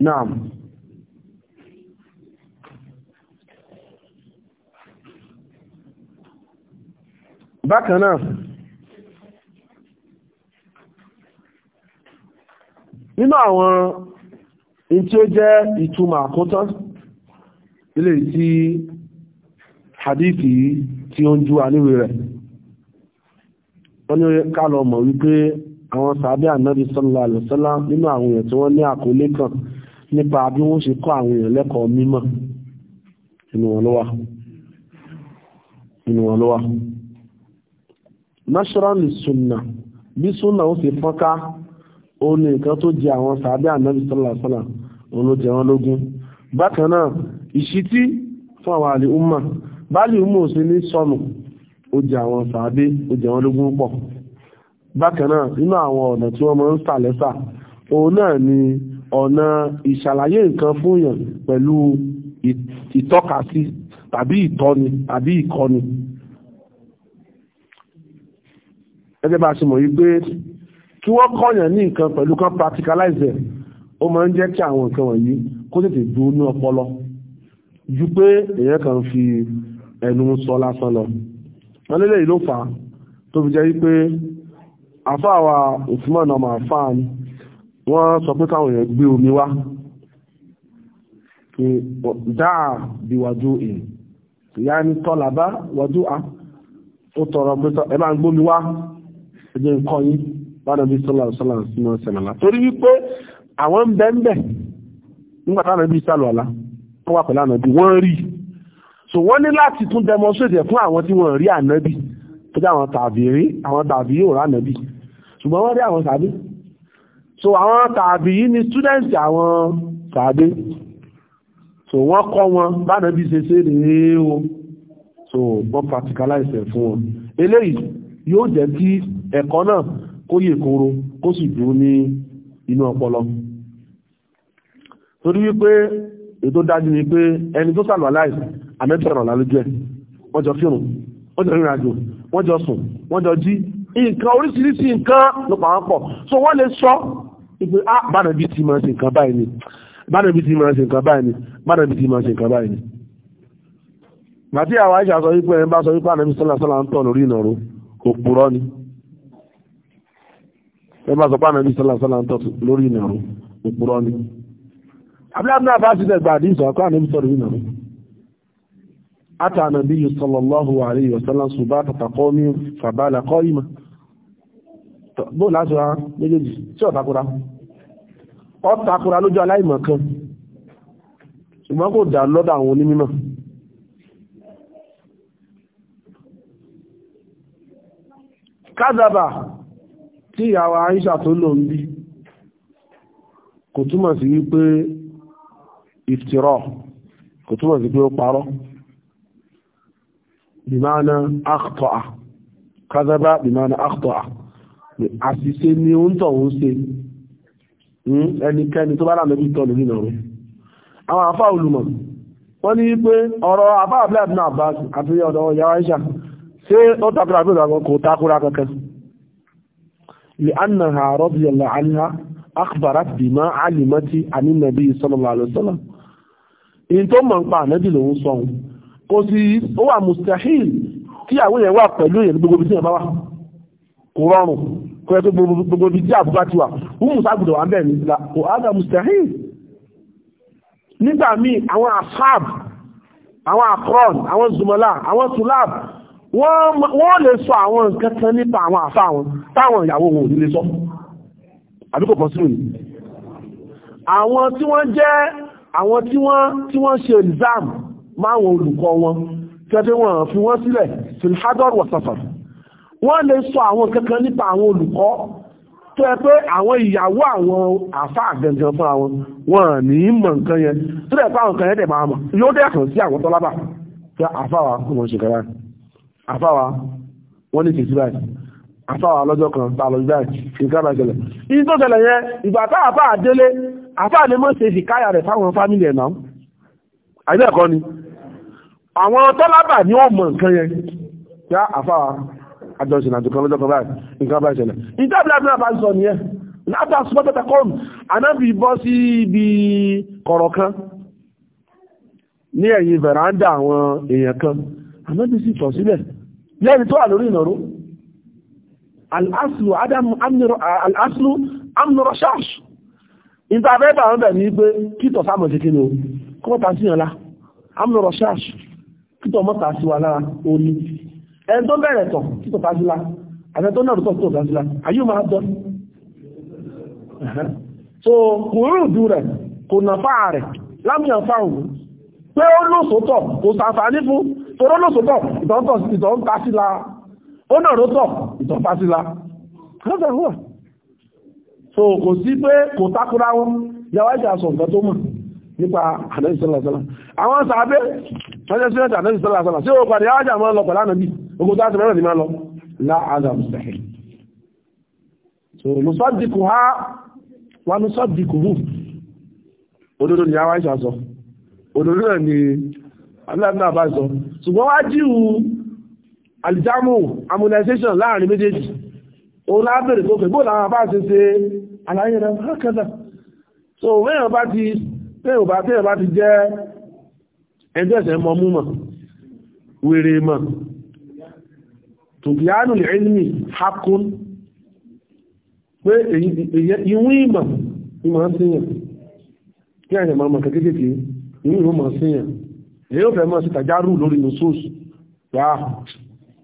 náà bákan náà nínú àwọn in tí ó jẹ́ ìtumọ̀ àkótán ilé tí hadithi tí ó ń jú aníwé rẹ̀ wọ́n ní ká mọ̀ wípé àwọn sàábé ànábi sallallahu alaihi wasallam nínú àwọn èèyàn tí wọ́n ní àkọlé kan nípa bí wọ́n ṣe kọ́ àwọn èèyàn lẹ́kọ̀ọ́ mímọ̀ inú wọn ló wà sunna bí sunna ó sì fọ́nká ó ní nǹkan tó jẹ àwọn sàábé ànábi sallallahu alaihi wasallam òun ló jẹ wọn lógún bákan náà ìṣítí fún àwọn àlè umma báàlì umma ò sí ní sọnù ó jẹ àwọn sàábé ó jẹ wọn lógún pọ̀ bákan náà àwọn ọ̀nà tí wọ́n máa ń sà òun náà ni ọ̀nà ìṣàlàyé nǹkan fún èèyàn pẹ̀lú ìtọ́kasí tàbí ìtọ́ni tàbí ìkọ́ni gẹ́gẹ́ bá a ṣe mọ̀ yìí pé kí wọ́n kọ́yàn ní nǹkan pẹ̀lú kan practicalize ẹ̀ ó máa ń jẹ́ kí àwọn nǹkan wọ̀nyí kó tètè dúró ní ọpọlọ ju pé èèyàn kan fi ẹnu sọ lásán lọ wọn lélẹ̀ yìí ló fà á tó fi jẹ́ wípé àfáàwà Usman ọmọ àfáàn wọ́n sọ pé káwọn èèyàn gbé omi wá dáa bí wájú ìlú ìyá ní tọ́lá bá wájú à ó tọrọ pé ẹ máa ń gbómi wá ẹjẹ́ nǹkan yín bára bí sọ́lá sọ́lá sínú ọ̀sẹ̀ mọ́lá torí wípé àwọn ń bẹ́ẹ̀ ń bẹ̀ nígbà táwọn ẹbí sálọ̀ ọ̀la wọ́n wà pẹ̀lú ànábì wọ́n rí so wọ́n ní láti tún demonstrate ẹ̀ fún àwọn tí wọ́n rí ànábì tó jẹ́ àwọn tàbí rí àwọn tàbí yóò rá ànábì ṣùgbọ́n wọ́n rí àwọn tàbí so àwọn tàbí yìí ni students àwọn tàbí so wọ́n kọ́ wọn bánábì ṣe ṣe rèé o so wọ́n practicalize ẹ̀ fún wọn eléyìí yóò jẹ́ kí ẹ̀kọ́ náà kó yè kóró kó sì dúró ní inú ọpọlọ torí wípé èyí tó dájú ni pé ẹni tó sàlù aláìsàn àmẹ́tọ̀rọ̀ lálójú ẹ̀ wọ́n jọ kírun wọ́n jọ rìnrìn àjò wọ́n jọ sùn wọ́n jọ jí nǹkan oríṣiríṣi nǹkan ló pa wọ́n pọ̀ so wọ́n lè sọ ìpè á ah, bánà bíi ti máa ṣe nǹkan báyìí ni bánà bíi ti máa ṣe nǹkan báyìí ni bánà bíi ti máa ṣe nǹkan báyìí ni. màtí àwọn àìsàn sọ wípé ẹ̀ ń bá sọ wípé ànábi sọ́là sọ́là ń tọ̀ lórí ìnàró òpùrọ́ ni ẹ̀ ń bá sọ pé ànábi sọ́là sọ́là ń tọ̀ lórí ìnàró òpùrọ́ ni abúlábùnà bá ti dẹ̀gbà àdínsọ̀ akọ́ àníbi sọ̀rọ̀ yìí nàá ata ànàbí yìí sallallahu alayhi wa sallam ṣùgbà tàtàkọ́ ní fàbálà kọ́ ìmọ̀ bó láti wá méjèèjì tí ó takura ó takura lójú aláìmọ̀ kan ṣùgbọ́n kò dà lọ́dọ̀ àwọn onímọ̀ kádàbà tí ìyàwó àìṣà tó lò ń sí wípé ìfìtìrọ̀ kò túmọ̀ sí pé ó parọ́ bìmánà àkùtọ̀à kádàbà bìmánà àkùtọ̀à àṣìṣe ni ó ń tọ̀ ń ṣe hmm? ẹnikẹ́ni tó bá láàmì bí tọ́lù nínú rẹ̀ àwọn àfá olùmọ̀ wọ́n ní pé ọ̀rọ̀ àfá àbúlẹ̀ àbúlẹ̀ Abbas àti ọ̀dọ̀ yàwá ìṣà ṣé ó takura bí èyí tó mọ̀ ń pa ànábì lòun sọ òun kò sí ó wà mustahil kí àwọn èèyàn wà pẹ̀lú èèyàn gbogbo ibi tí èèyàn bá wà kò rọrùn kò yẹ kó gbogbo ibi tí àbúgbà ti wà wúmù ságbùdọ̀ wà ń bẹ̀rẹ̀ nígbà kò ádà mustahil nígbà míì àwọn ashab àwọn akron àwọn zumala àwọn sulab wọ́n lè sọ àwọn nǹkan kan nípa àwọn àfá wọn táwọn ìyàwó wọn ò ní lè sọ àbíkò pọ̀ sí òní àwọn tí wọ́n jẹ́ àwọn tí wọ́n tí wọ́n ṣe exam máwọn olùkọ́ wọn tẹ́tẹ́ wọn fi wọ́n sílẹ̀ filhador wasafar wọ́n lè sọ àwọn kankan nípa àwọn olùkọ́ tó ẹ pé àwọn ìyàwó àwọn àfá àgẹ̀gẹ̀ fúnra wọn wọn ní mọ̀ nǹkan yẹn tó dẹ̀ fáwọn kan yẹn dẹ̀ máa mọ̀ yóò dẹ̀ kàn sí àwọn tọ́lábà fẹ́ àfáwa kò mọ̀ ṣe kẹrẹ àfáwa wọ́n ní tètè báyìí àfáà lọ́jọ́ kan bá lọ ìgbàjì ìgbàjì ìgbàjì ìyí tó tẹ̀lẹ̀ yẹn ìgbà tá àfá àdélé àfá lè mọ́ ṣe fìkáyà rẹ̀ fáwọn fámílì ẹ̀ náà ẹ̀kọ́ ni àwọn tọ́lábà ni ó mọ̀ nǹkan yẹn yá àfá àjọṣìn àjò kan lọ́jọ́ kan báyìí nǹkan bá ìṣẹ̀lẹ̀ ìjà bílábílá bá ń sọ nìyẹn látà sọ́tẹ́tẹ́ kọ́ọ̀mù ànábì bọ́ sí ibi kọ̀rọ̀ kan ní ẹ̀yìn veranda àwọn èèyàn kan ànábì lẹ́yìn tó wà lórí ìnàró al'aslu adamu al'aslu amnuro ṣáàṣù ìtàbẹ́bà ọ̀rọ̀ bẹ̀ ní pé kítọ̀ sáàmù ti kí ni o kọ́ta sí ọ̀la amnuro ṣáàṣù kítọ̀ mọ́ta sí wa lára orí ẹni tó bẹ̀rẹ̀ tọ̀ kítọ̀ tásílá àti tó náà tọ̀ kítọ̀ tásílá ayé máa so kùrùdù rẹ̀ kò nà fáà rẹ̀ lámìyàn fáwọn pé ó lóṣòótọ̀ kò sàǹfààní fún torólóṣòótọ̀ ìtọ̀ ń ta sí ó náà ló tọ̀ ìtọ̀fà sí la lọ́sẹ̀ so kò sí pé kò takura wọn yàwá ìjà sọ nǹkan tó mọ̀ nípa àdẹ́sì sọ́làsọ́là àwọn sàábé wọ́n jẹ́ sí àdẹ́sì sọ́làsọ́là sí òkú àdẹ́yàwó àjà máa ń ni máa lọ láàdà so nùsọ́dìkù ha wà nùsọ́dìkù hù òdodo ni ni aláàbí náà bá sọ ṣùgbọ́n alìjámù amúnẹ̀ṣẹ́ṣàn láàrin méjèèjì òun lábẹ̀rẹ̀ tó pẹ̀gbọ́ láwọn bá ṣe ṣe àlàyé rẹ̀ hákẹ́dà so mẹ́yàn bá ti tẹ́yàn bá tẹ́yàn bá ti jẹ́ ẹgbẹ́sẹ̀ mọ mú mọ̀ wèrè mọ̀ tùbíánù ilmi hakun pé ìwé ìmọ̀ ìmọ̀ síyàn kí àyàn mọ̀ kékeré ìwé ìmọ̀ síyàn èyí ò fẹ́ mọ̀ sí tàjárù lórí nùsùs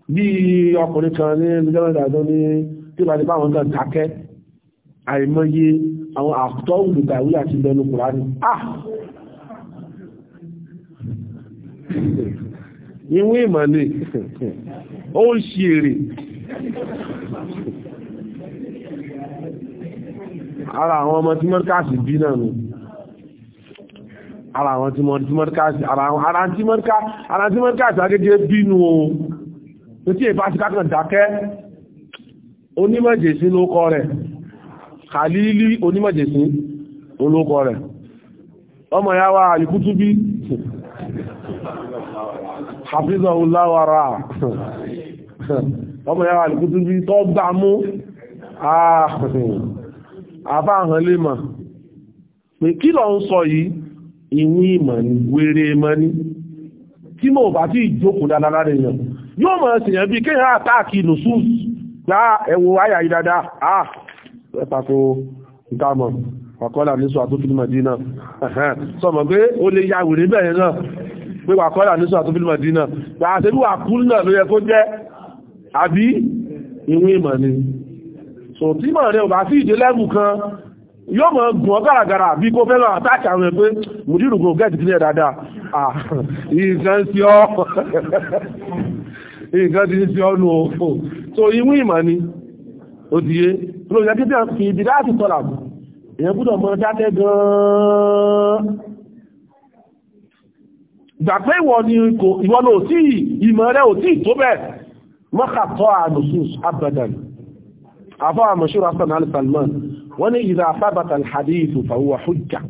bí ọkùnrin kan ní mílíọ̀nù àdó ní tí ìbá ti bá àwọn kan dákẹ́ àìmọye àwọn àtọ́ olùgbàwí àti ìbẹnu kùránì ah ìwé ìmọ̀ ni ó ń ṣe èrè ara àwọn ọmọ tí mọ́rkásì bí náà nù ara àwọn tí mọ́rkásì ara tí mọ́rkásì agẹ́gẹ́ bínú ohun tó tí èbá ti kákan dákẹ́ onímọ̀jẹ̀sí ló kọ rẹ̀ kàlílí onímọ̀jẹ̀sí ló kọ rẹ̀ ọmọ ya wa àyíkútú bí hafizahullah wa ra ọmọ ya wa àyíkútú bí tó gbà mú ah, àfáhàn lè mọ̀ pé kí lọ ń sọ yìí ìwé ìmọ̀ ni wèrè ìmọ̀ ni tí mo bá ti ìjókòó dáadáa rẹ̀ yàn yóò mọ̀ ṣèyàn bí kéèyàn àtàkì nùsùs gbá ẹ̀wò àyà yìí dáadáa à ẹ̀pàkó ìtàmọ̀ nísọ àtúfìlì sọmọ̀ pé ó lè ya wèrè bẹ̀rẹ̀ náà pé wàkọ́lá nísọ àtúfìlì Mádínà gbà àtẹ́bí wà kú náà ló yẹ kó jẹ́ àbí ìwé ìmọ̀ ni so tí mọ̀ rẹ̀ ò bá sí ìdí lẹ́bù kan yóò mọ̀ gùn ọ́ gàràgàrà bí kó fẹ́ràn àtàkì àwọn ẹgbẹ́ mùdírùgùn gẹ́ẹ̀tì kílẹ̀ dáadáa ah ìsẹ́ńsì ọ́ nǹkan ti sí ọnù òfò tó imú ìmọ̀ ni ó ti yé olóòjẹ́ kí tí a fi ìdí láti tọ́lá èyàn gbúdọ̀ mọ́ dákẹ́ gan-an gbàgbé ìwọ ni ìwọ ló tí ìmọ̀ rẹ̀ ò tí tó bẹ̀ mọ́kàtọ́ àlùsùs abadan afọ́ àmọ̀ṣúra sàn al-Salman wọ́n ní ìdá sábàtà al-hadith fàwọ́ hujja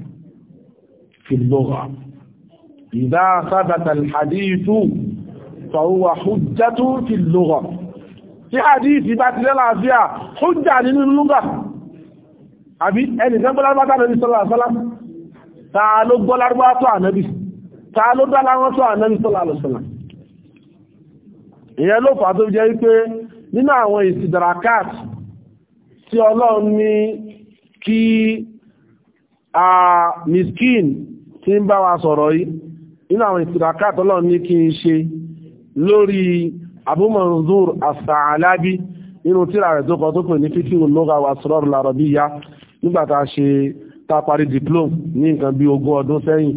fi lọ́gà ìdá sábàtà al-hadith fàúwà hujjá tó fi lọ́gọ̀ tí hadisi bá ti lẹ́lá àfíà hujjá nínú lúgà àbí ẹni tẹ́ gbọ́lá bátà nàbí sọ́lá ta ló gbọ́lá bá tó ànábì ta ló dálá wọn tó ànábì sọ́lá lọ́sọ́lá ìyẹn ló fà tó jẹ́ wípé nínú àwọn ìsìdàràkát tí ọlọ́run ní kí a miskin tí ń bá wa sọ̀rọ̀ yìí nínú àwọn ìsìdàràkát ọlọ́run ní kí n ṣe lórí Abu Manzur as-Sa'alabi nínú tíra rẹ̀ tó kọ tó pè ní fífíhùn lóga wa sọ́rọ̀ lárọ̀bíyá nígbàtà ṣe tá parí diplom ní nǹkan bí ogún ọdún sẹ́yìn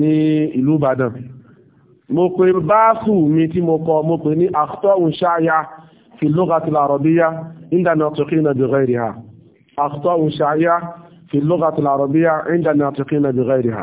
ní ìlú Ìbàdàn mo pè báàsù mi tí mo kọ mo pè ní akhta'un shaya fi lughatil arabiyya inda natiqina bi ghayriha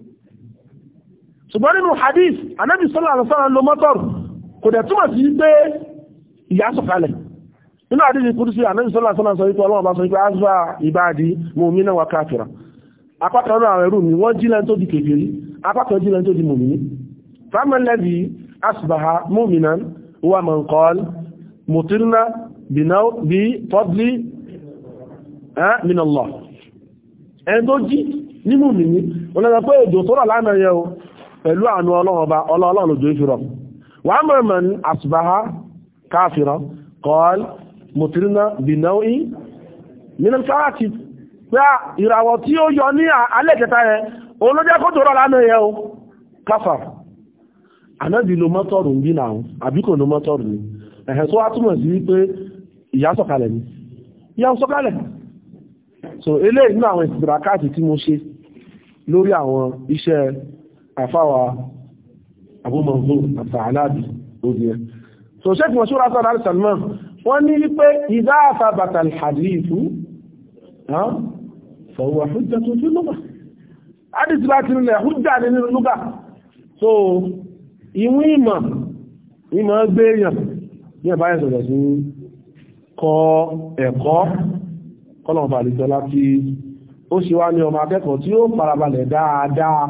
ṣùgbọ́n nínú hadith anábì sọ́lá àlọ́sọ́lá ló mọ́tọ̀rù kò dẹ̀ túmọ̀ sí pé ìyà sọ̀kalẹ̀ nínú hadith kudusi anábì sọ́lá àlọ́sọ́lá sọ wípé ọlọ́wọ́ bá sọ wípé azwa ibadi mu'mina wa kafira apákan náà àwọn di kèfèrí apákan di asbaha mu'minan wa man qala mutirna bi fadli Allah ẹni tó jí ní mùmìnì wọ́n lọ́dọ̀ pé èdò tó rà lánàá yẹ pẹ̀lú àánú ọlọ́run ọba ọlọ́run lójó ìfirọ̀ wà á mọ̀ràn mọ̀ràn àṣùbáhá káàfirọ̀ kọ́ọ̀l mùtírínà bìnáwí nínú sáàtì pé ìràwọ̀ tí ó yọ ní alẹ́ kẹta yẹn olójẹ́ kó tó rọ̀ lórí àwọn iṣẹ́ àfáwà Abu Manzur àtàlábì lórí ẹ̀. so sheik mashura sọ́rọ̀ al-salman wọ́n ní wípé idha thabata al-hadithu fa huwa hujjatun fil lugha hadith láti nílẹ̀ hujja ní nínú lugha so ìwọ̀n ìmọ̀ ìmọ̀ gbé èèyàn ní ẹ̀bá ẹ̀sọ̀rọ̀ sí kọ ẹ̀kọ́ kọlọ̀ọ̀bà àlìjọ láti ó ṣe wá ní ọmọ akẹ́kọ̀ọ́ tí ó farabalẹ̀ dáadáa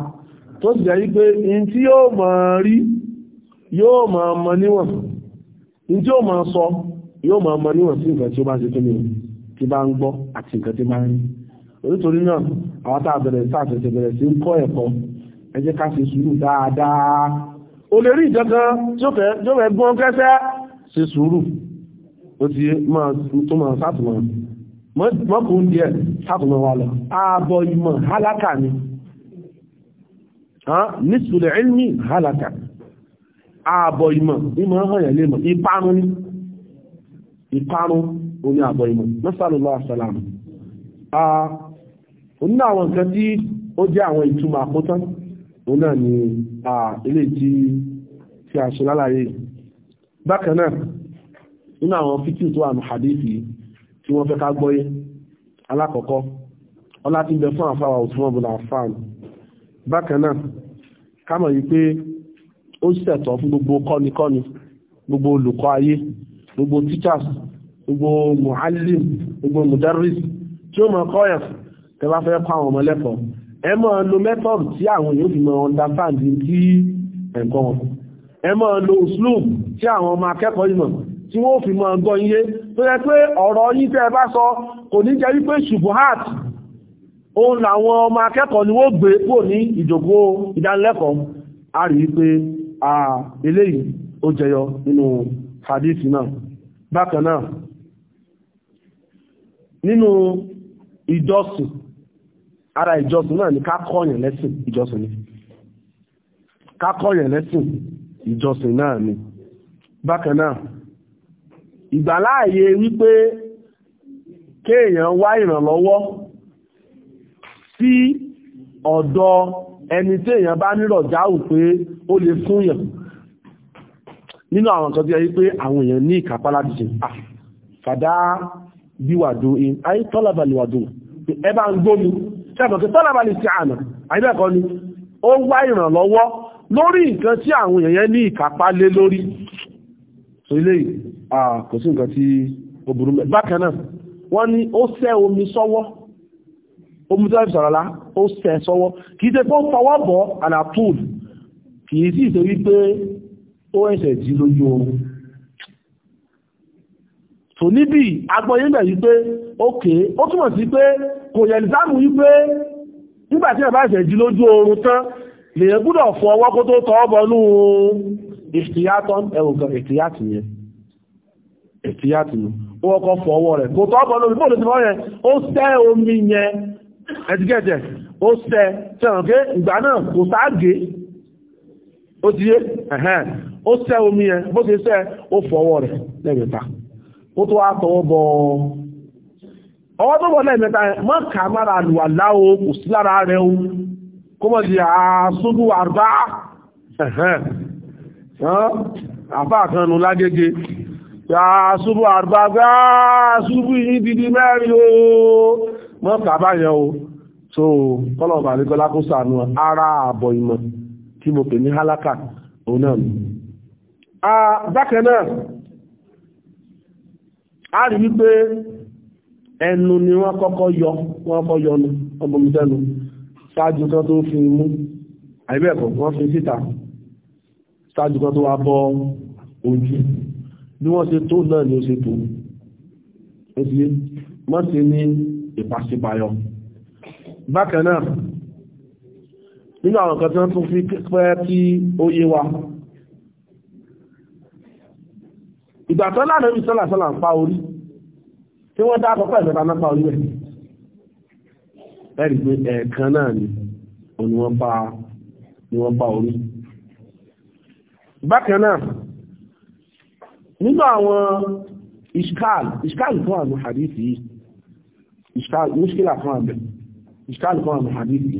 tó jẹ́ wípé in tí yóò mọ̀ rí yóò mọ̀ mọ̀ níwọ̀n in tí yóò mọ̀ sọ yóò mọ̀ mọ̀ níwọ̀n sí nǹkan tí ó bá ṣe kíni tí bá ń gbọ́ àti nǹkan tí bá ń rí nítorí náà àwọn tá a bẹ̀rẹ̀ sí àtẹ̀tẹ̀ bẹ̀rẹ̀ sí ń kọ́ ẹ̀kọ́ ẹ jẹ́ ká ṣe sùúrù dáadáa o lè rí ìjọkan tí fẹ́ gbọ́n kẹ́sẹ́ ṣe sùúrù ó ti tó máa sátùmọ̀ mọ́kùn díẹ̀ sátùmọ̀ wà lọ ààbọ̀ ìmọ̀ hálákà ni nísùlẹ̀ ilmi halaka ààbọ̀ ìmọ̀ ìmọ̀ ọ̀hànyàn lè mọ̀ ìparun ní ìparun oní ààbọ̀ ìmọ̀ mẹ́sàlùmọ́ àṣàlámù oní àwọn nǹkan tí ó jẹ́ àwọn ìtumọ̀ àkótán òun náà ni ilé tí tí a ṣe lálàyé bákan náà nínú àwọn fíkì tó wà ní hadithi bákan náà ká mọ̀ wípé ó ṣẹ̀tọ́ fún gbogbo kọ́nikọ́ni gbogbo olùkọ́ ayé gbogbo teachers gbogbo muallim gbogbo mudaris. tí ó mọ̀ kọ́yàn tẹ bá fẹ́ kọ́ àwọn ọmọ lẹ́kọ̀ọ́ ẹ mọ́ lo method tí àwọn èèyàn fi mọ̀ understand tí ẹ̀kọ́ wọn ẹ mọ́ lo slope tí àwọn ọmọ akẹ́kọ̀ọ́ ìmọ̀ tí wọ́n fi mọ̀ gbọ́ iye tó yẹ pé ọ̀rọ̀ yín tẹ́ bá sọ kò ní jẹ́ wípé ṣubuhat òun làwọn ọmọ akẹ́kọ̀ọ́ ni wọ́n gbé pò ní ìjòkó ìdánilẹ́kọ̀ọ́ a rí pé a eléyìí ó jẹyọ nínú hadith náà bákan nínú ìjọsìn ara ìjọsìn náà ni ká lẹ́sìn ìjọsìn ni ká lẹ́sìn kéèyàn wá ìrànlọ́wọ́ sí ọ̀dọ̀ ẹni tí èèyàn bá nírọ̀ jáù pé ó lè fúnyàn nínú àwọn nǹkan tí ẹ rí pé àwọn èèyàn ní ìkápá láti ṣe ah, fàdá bíwàdó in ayé tọ́lábàlìwàdó ẹ bá ń gbómi ṣẹ́bọ̀kì tọ́lábàlì ti àná àìbẹ́ẹ̀kọ́ ni ó wá ìrànlọ́wọ́ lórí nǹkan tí àwọn èèyàn ní ìkápá lé lórí so ilé ah, kò sí nǹkan tí ó burú mẹ́ bákan náà wọ́n ní ó sẹ́ omi sọ́wọ́ omi tó láti sọ̀rọ̀lá ó sẹ̀ sọ́wọ́ kì í ṣe fún fọwọ́ bọ̀ àlàpùl kì í sì torí pé ó ẹ̀ṣẹ̀ jí lójú oorun tò níbi agbọ́yé bẹ̀ yí pé ókè ó túmọ̀ sí pé kò yẹ ìsáàmù yí pé nígbà tí ẹ̀bá ẹ̀ṣẹ̀ jí lójú oorun tán lèyàn gbúdọ̀ fọ ọwọ́ kó tó tọ́ bọnú ìtìyàtọ̀ ẹ̀wọ̀n gan ìtìyàtì yẹn ìtìyàtì yẹn ó kọ́ fọ ọwọ́ rẹ̀ kò tọ́ bọnú ìfọ́nù ti fọ́ yẹn ó sẹ́ omi yẹn ẹ̀dígẹ́jẹ̀ ó sẹ tẹ́wọ̀n pé ìgbà náà kò sáàgé ó ti yé ẹ̀hẹ́n ó sẹ omi ẹ bó ti sẹ ó fọwọ́ rẹ̀ lẹ́mẹ̀ta ó tó wá tọwọ́ ọwọ́ tó bọ̀ lẹ́mẹ̀ta mọ́ kà mára lùwà láwo kò sí lára rẹ̀ o kó mọ̀ àrùbá ẹ̀hẹ́n kan lágége didi mẹ́rin o mọ́ kàbá yẹn o so kọ́lọ̀ọ̀bà àríkọ́lá kó sàánú ara àbọ̀ ìmọ̀ tí mo pè ní hálákà òun náà ni bákan náà a rí wípé ẹnu ni wọ́n kọ́kọ́ yọ wọ́n kọ́ yọnu ọgbọ̀mùsẹ́nu ṣáájú kan tó fi mú àìbẹ̀ẹ̀kọ̀ wọ́n fi síta ṣáájú kan tó wá bọ́ ojú bí wọ́n ṣe tó náà ni ó ṣe tó mọ́ sí ní ìpàṣípayọ bákan náà nínú àwọn kan tí wọ́n tún fi pẹ́ kí ó yé wa ìgbà tó lánà ní sọ́làsọ́là ń pa orí tí wọ́n dákọ̀ pẹ̀lú ẹ̀mẹ́ta náà pa orí rẹ̀ ẹ̀rì pé ẹ̀ẹ̀kan náà ni òní wọ́n pa ni wọ́n pa orí bákan náà nínú àwọn iskal iskal fún àwọn hadithi yìí ìṣkàlù fún àbẹ̀ ìṣkàlù fún àmì àdìsí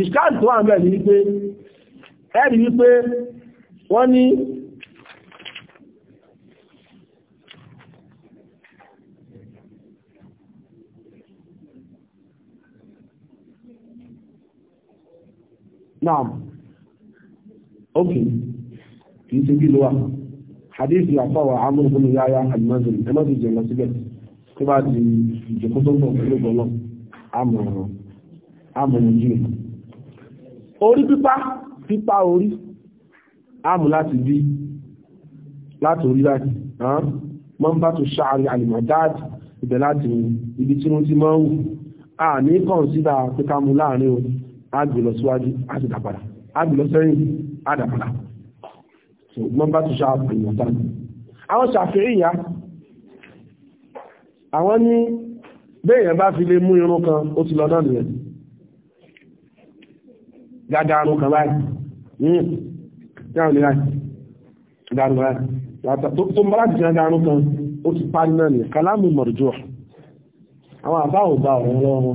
ìṣkàlù tó àbẹ̀ ní wípé ẹ̀rí wípé wọ́n ní Naam. Okay. Kìí ṣe bí lọ́wọ́. Hadith yà fọ́wà Amr bin Yahya al-Mazri, ẹmọ́sí jẹ́ lọ síbẹ̀ tó bá di ìjẹ̀kú tó gbọ̀n pẹ̀lú gbọ́lọ́ àmọ̀ràn jù orí pípa pípa orí àmù láti bí láti orí láti mọ́n bá tó ṣáàrí àlìmọ̀dáàdì ibẹ̀ láti ibi tí wọ́n ti mọ́ wù a ní kọ̀nsídà pípa mú láàrin o agbèlọ síwájú àti dàpadà agbèlọ sẹ́yìn àdàpadà mọ́n bá tó ṣáàrí àlìmọ̀dáàdì àwọn ṣàfihàn àwọn ní béèyàn bá fi lè mú irun kan ó ti lọ náà nìyẹn dáadáa irun kan báyìí dáhùn ní láì dáhùn láì tó ń bá láti jẹ́ dáhùn kan ó ti pa náà nìyẹn kàlámù mọ̀rùjọ́ àwọn àbá ọ̀rọ̀ lọ́wọ́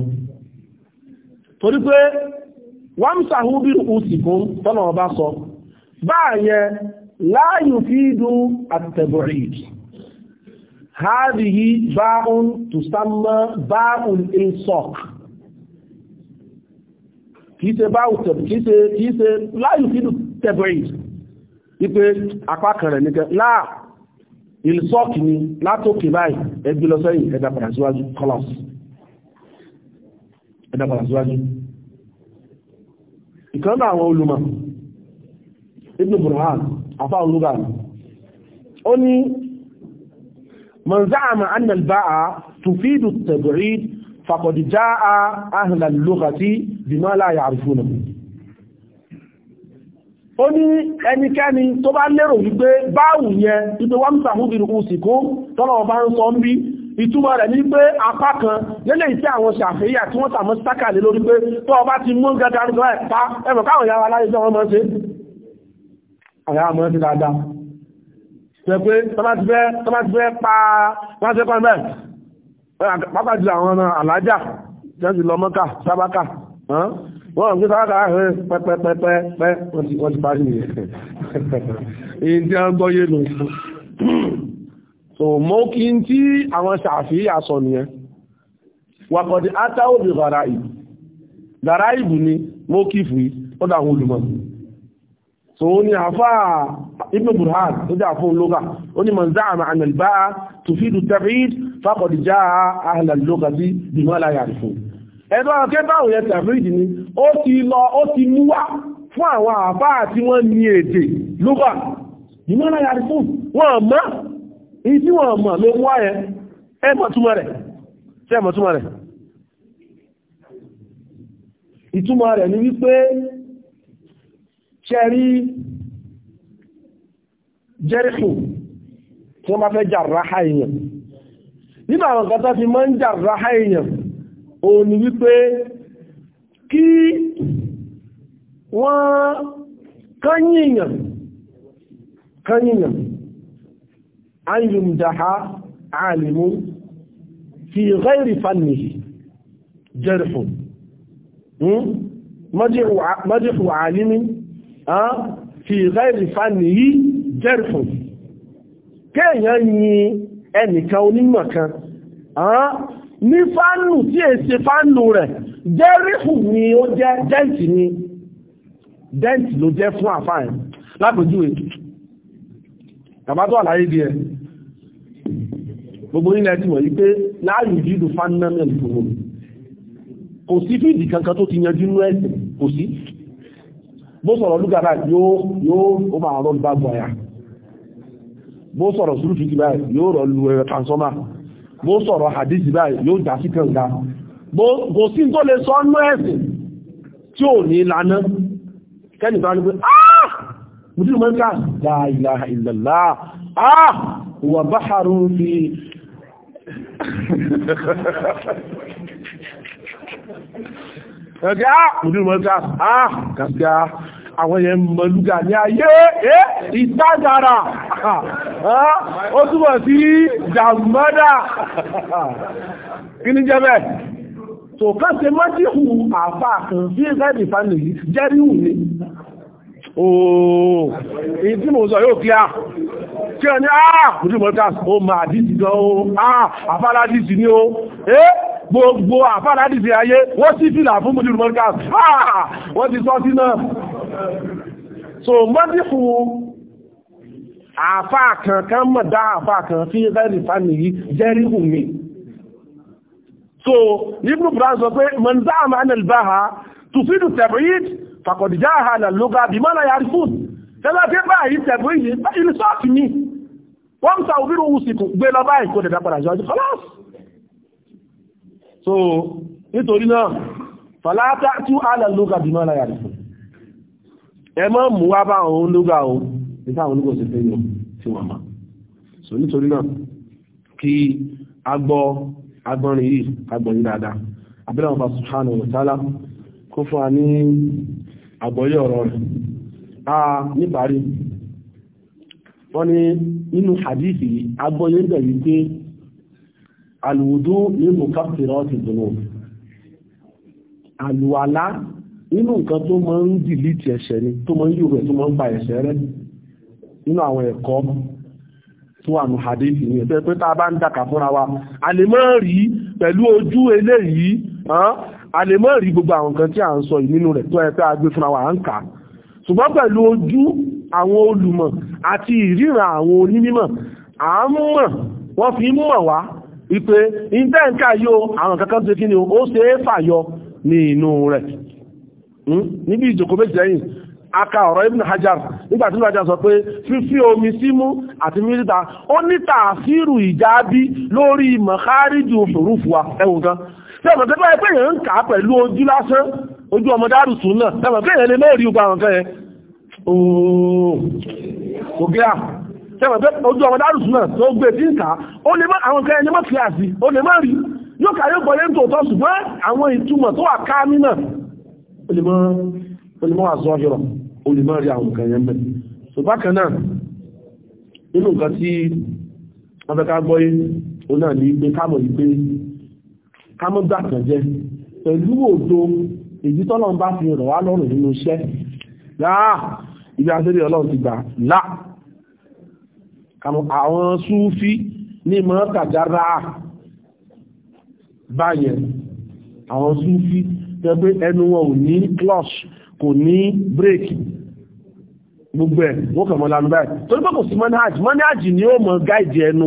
torí pé wọ́n ń هذه باء تسمى باء الإلصاق kìí ṣe báwù tẹ̀bù kìí ṣe kìí ṣe láàyù fídù tẹ̀bù rí wípé apákanrẹ̀ nìkan láà ìlúsọ́ọ̀kì ni látòkè báyìí ẹgbẹ́ lọ sẹ́yìn ẹ̀dà padà síwájú kọlọ́s ẹ̀dà padà síwájú ìkan náà àwọn olùmọ̀ Ibn Burhan afáwọn olùgbà ó ní من زعم أن الباء تفيد التبعيد فقد جاء أهل اللغة بما لا يعرفونه ó ní ẹnikẹ́ni tó bá lérò wípé báwù yẹn wípé wọ́n sàmú bí rùkú sí kó tọ́lọ̀ ọba ń sọ ń bí ìtumọ̀ rẹ̀ ní pé apá kan lélẹ̀ ìtẹ́ àwọn ṣàfihà tí wọ́n sàmọ́ sákàlé lórí pé tó ọba ti mú gẹ́gẹ́ tẹ́ pé tọ́bátífẹ́ pa ránṣẹ́ convent pápájú àwọn alájà jẹ́sì lọ mọ́ká sábákà wọ́n gbé sábákà rẹ̀ eh, eh, pẹ́pẹ́pẹ́pẹ́ wọ́n ti parí rẹ̀ [LAUGHS] èyí tí a ń gbọ́yé lò so mọ́ kí n tí àwọn ṣàfihà sọ nìyẹn wàkọ̀dí átáwò bí gàrá ìbù gàrá ìbù ni mọ́ kí fìí ó dà àwọn olùmọ̀ so ó ní àfá ibn burhan tó jẹ́ àfún lóga ó ní man za'ama an al-ba'a tufidu tab'id faqad ja'a ahla al-lughati bima la ya'rifun ẹ̀dọ́ ọ̀kẹ́ báwọn yẹn tab'id ni ó ti lọ ó ti mú wá fún àwọn àfá tí wọ́n ní èdè lóga bima la ya'rifun wọ́n mọ́ èyí tí wọ́n mọ̀ ló mú ayẹ ẹ mọ̀ túmọ̀ rẹ̀ ṣe mọ̀ túmọ̀ rẹ̀ ìtumọ̀ ni wípé ṣẹ́rí jẹ́rìkù tí wọ́n bá fẹ́ jàráhà èèyàn nínú àwọn kan tó fi mọ́ ń jàráhà èèyàn òun ni wípé kí wọ́n kányìyàn kányìyàn ayyumdaha alimu fi ghairi fannihi jẹ́rìkù mọ́jẹ̀kù hmm? alimi fi ìrẹ́rì fani yìí jẹ́rìfùn kéèyàn yin ẹnìkan onímọ̀ kan ní fánù tí è ṣe fánù rẹ̀ jẹ́rìfùn ni ó jẹ́ dẹ́ǹtì ni dẹ́ǹtì ló jẹ́ fún àfáàyàn lápòjúwe tàbátọ́ àlàyé bí ẹ gbogbo nílẹ̀ tí wọ̀ yí pé láàyè ìdídù fánàmì ẹ̀lùfòrò kò sí fíìdì kankan tó ti yanjú ní ẹ̀sìn kò sí bó sọ̀rọ̀ lúgàrà yóò yóò ó máa rọ́ bá gbọ́ya bó sọ̀rọ̀ súrùfì ti báyìí yóò rọ̀ lu ẹ̀rẹ̀ eh, transforma bó sọ̀rọ̀ hadithi báyìí yóò jà sí kẹ̀ǹgá bó sí tó lè sọ ọ́nà ẹ̀sìn tí ò ní lànà kẹ́ni bá ní pé ah mùsùlùmí mẹ́ta ah, la ilaha illallah ah wà báhàrù fi [LAUGHS] ẹ̀kẹ́ á ah, mùdúrù mọ́ká á ah, kàfíà àwọn yẹn mọ̀lúgà ní ayé ẹ́ eh, ìtajàrà [LAUGHS] ah, ó túnbọ̀ sí jàmọ́dà [LAUGHS] kí ní jẹ́bẹ̀ tó kọ́sẹ mọ́síhù àfà kan sí ẹgbẹ́dì fánì yìí jẹ́ríhù ni ooo èyí tí mo sọ yóò kí á kí ọ ní àà mùdúrù mọ́ká ó máa dìtì gan ó àà àfà aládìtì ni ó ẹ́ eh, gbogbo àfáàdá dìsẹ̀ ayé wọ́n sí fìlà fún mùdírù mọ́ríkàs ah! wọ́n ti sọ sí náà so mọ́dífù àfáà kan kan mọ̀ dá àfáà kan fi rẹ́rì fánìyí jẹ́rí hùmí so ibn Baz sọ pé mọ̀nzáàmà anàlbáha tùfídù tẹ̀bíyìd fàkọ̀dìjá àhàlà lóga bí mọ́lá yàrí fún tẹ́lá tẹ́ báyìí tẹ̀bíyìd ilé sọ́ọ̀tì mi wọ́n ń sa òbírò òun sì gbé lọ báyìí kó dẹ̀dá padà yọjú kọ́lọ́sì so nítorí náà fàlátà tí ó hálà lóga bí máa láyà rẹ̀ ẹ mọ́ mú wá bá àwọn ológa o níta àwọn ológa sí fẹ́ tí wọ́n máa so nítorí náà kí agbọ́ agbọ́nrin yìí agbọ́n yìí dáadáa abẹ́lẹ̀ wọn bá subhanahu a níparí wọ́n ní nínú hadisi agbọ́yé bẹ̀ àlùwùdú nínú kápẹ̀rọ̀ ti dùnú àlùwàlá nínú nǹkan tó máa ń dìlítì ẹ̀ṣẹ̀ ni tó máa ń yóò rẹ̀ tó máa ń pa ẹ̀ṣẹ̀ rẹ̀ nínú àwọn ẹ̀kọ́ tó wà ní hadith ní ẹ̀fẹ́ pé tá a bá ń dàkà fúnra wa a rí pẹ̀lú ojú eléyìí a rí gbogbo àwọn nǹkan tí a ń sọ yìí nínú rẹ̀ tó ẹ pé a gbé fúnra wa ń kà ṣùgbọ́n pẹ̀lú ojú àwọn olùmọ̀ àti ìríran àwọn onímọ̀ à ń mọ̀ wọ́n fi ń mọ̀ wá ìpé ìtẹ́ǹkà yóò àwọn kankan tó kí ni ó ṣe é fàyọ ní inú rẹ̀ hmm? níbi ìjòkó méjì aka ọ̀rọ̀ Ibn Hajar nígbàtí Ibn Hajar sọ pé fífí omi símú àti mílítà ó ní tààfíìrù ìjábí lórí mọ̀kárìjù òṣòrùfùwa ẹwùn kan tẹ́mọ̀ tẹ́mọ̀ ẹgbẹ́ yẹn ń kà á pẹ̀lú ojú lásán ojú ọmọ dárùsù náà tẹ́mọ̀ tẹ́wọ̀n pé ojú ọmọdé àrùsùn náà tó gbé tí ń kà ó lè má àwọn kẹrin ní mọ́ kíláàsì ó lè má rí yóò kà yóò gbọ́lé tó tọ́ ṣùgbọ́n àwọn ìtumọ̀ tó wà ká ní náà ó lè mọ́ wà zọ́ yọrọ̀ ó lè má rí àwọn nǹkan yẹn bẹ́ẹ̀ so bákan náà nínú nǹkan tí wọ́n fẹ́ ká gbọ́ yìí ó náà ní pé ká mọ̀ yìí pé ká mọ́ gbà kàn jẹ pẹ̀lú òdo èyí tọ́lọ́run bá fi rọ̀ wá lọ́rùn nínú iṣẹ́ láà ibi àṣírí ọlọ́run ti gbà láà àwọn súfí ní mọ́ tàjára báyẹn àwọn súfí tẹ́gbẹ́ ẹnu wọn ò ní clutch kò ní break gbogbo ẹ̀ wọ́n kàn mọ́ lánú báyìí torí pé kò sí manhaj manhaj ni ó mọ̀ gáìdì ẹnu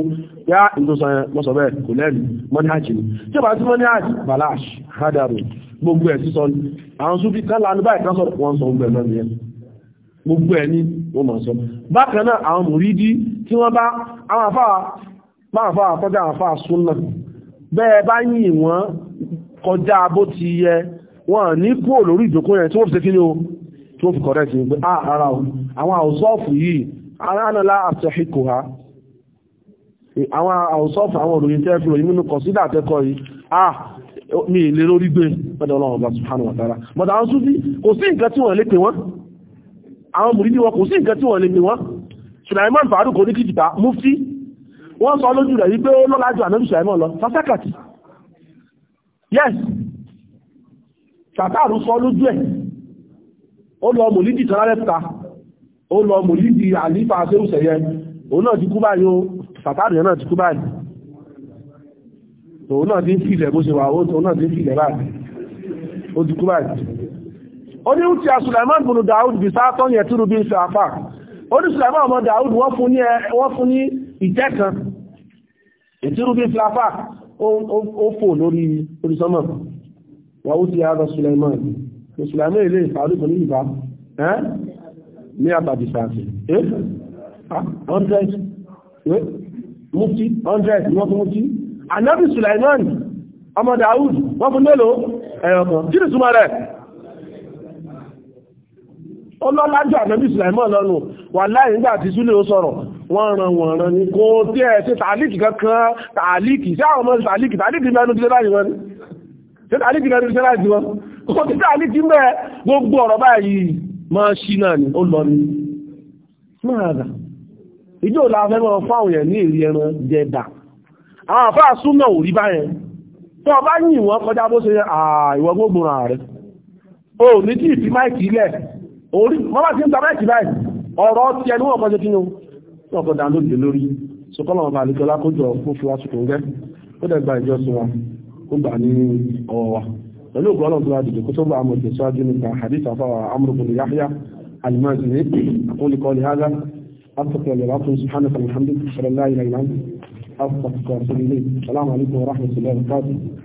yá ìtòsọ̀yẹn bẹ́ẹ̀ kò lẹ́nu manhaj ni tí ó bá sí manhaj balash hadaru gbogbo ẹ̀ sísọ ni àwọn súnfí kan lánú báyìí kan sọ̀rọ̀ wọ́n sọ gbogbo ẹ̀ náà wọ́n mọ̀ sọ bákan náà àwọn mùrídí tí wọ́n bá àwọn àfáà kọjá àfáà súnnà bẹ́ẹ̀ bá yìn wọ́n kọjá bó ti yẹ wọ́n ní kúrò lórí ìjókòó yẹn tí wọ́n fi kí ni o tí wọ́n fi kọ̀rẹ́ sí pé ara ah, o àwọn àwòsọ́ọ̀fù yìí aránàlá àtẹ̀híkò ha àwọn àwòsọ́ọ̀fù àwọn òròyìn tẹ́ fi ròyìn nínú kọ̀sídà tẹ́kọ̀ yìí ah mi ìlérò rí gbé pẹ̀lú ọlọ́run ọba subhanahu wa ta'ala but àwọn súnfí kò sí nǹkan tí wọ́n lè pè wọ́n àwọn mùrídí wọn kò sí nǹkan tí wọ́n lè ní wọ́n Sulaiman Faruk oníkìtìta mufti wọ́n sọ lójú rẹ̀ wípé ó lọ́lájú ànábì Sulaiman lọ sásákàtì yes sàtàrù sọ lójú ẹ̀ ó lọ mùrídí tọ́lálẹ́ta ó lọ mùrídí àlífà aṣẹ́rùsẹ̀yẹ òun náà ti kú báyìí ó sàtàrù yẹn náà ti kú báyìí òun náà ti ń filẹ̀ bó ṣe wà ó ti kú báyìí oni ní ó a Sulaiman bin Daud bí sáàtọ́ yẹ túrù bí ṣe àfà ó ní Sulaiman ọmọ Daud wọ́n fún ní ìtẹ́ kan ìtúrù bí ṣe àfà ó fò lórí orísọ́mọ̀ wà ó ti yára Sulaiman ní Sulaiman ilé ìfàdùkù ní ìbá ní àbàdì sàáfì eh 100 e? mufti 100 ni wọ́n fún mufti Ànábì Sulaiman ọmọ Daud wọ́n fún mélòó ẹ̀yọ̀kan kí ni súnmọ́ rẹ̀ ọlọ́lájọ́ ànábì sùlẹ̀mọ́ lọ́nu wà láì nígbà tí súlẹ̀ ó sọ̀rọ̀ wọ́n ran wọ̀n ran ni kò tí ẹ̀ ṣe tàlíkì kankan tàlíkì sí àwọn ọmọ tàlíkì tàlíkì mẹ́nu tẹ́lá yìí wọ́n ṣe tàlíkì mẹ́nu tẹ́lá yìí wọ́n kò tí tàlíkì mẹ́ gbogbo ọ̀rọ̀ báyìí máa ṣí náà ni ó lọ ni máa rà ìjọ la fẹ́ mọ́ fáwọn yẹn ní èrè ẹran jẹdà àwọn àfáà o bá yìn wọ́n kọjá bó ṣe àìwọ́ gbógun rà rẹ̀ o ní tí ìfi máìkì orí mọ́bá tí ń tàbá ẹ̀kì báyìí ọ̀rọ̀ ti ẹnu ọ̀pọ̀ jẹ́ kínú ọkọ̀ dà lóde lórí sọkọ́lọ̀ ọba àlejò lákójọ fún fi wá tuntun gẹ́ ó dẹ̀ gba ìjọ sun wọn ó gbà ní ọwọ́ wa pẹ̀lú ògùn ọlọ́run tó wá dìde kó tó bá àmọ̀ ìtẹ̀síwájú nípa hadith àfáwà amúrùkùn yáhíyá alimazini àkólikọ́ ní hádà أستغفر الله العظيم سبحانك وبحمدك أشهد أن لا إله إلا أنت أستغفرك وأتوب إليك السلام عليكم ورحمة الله وبركاته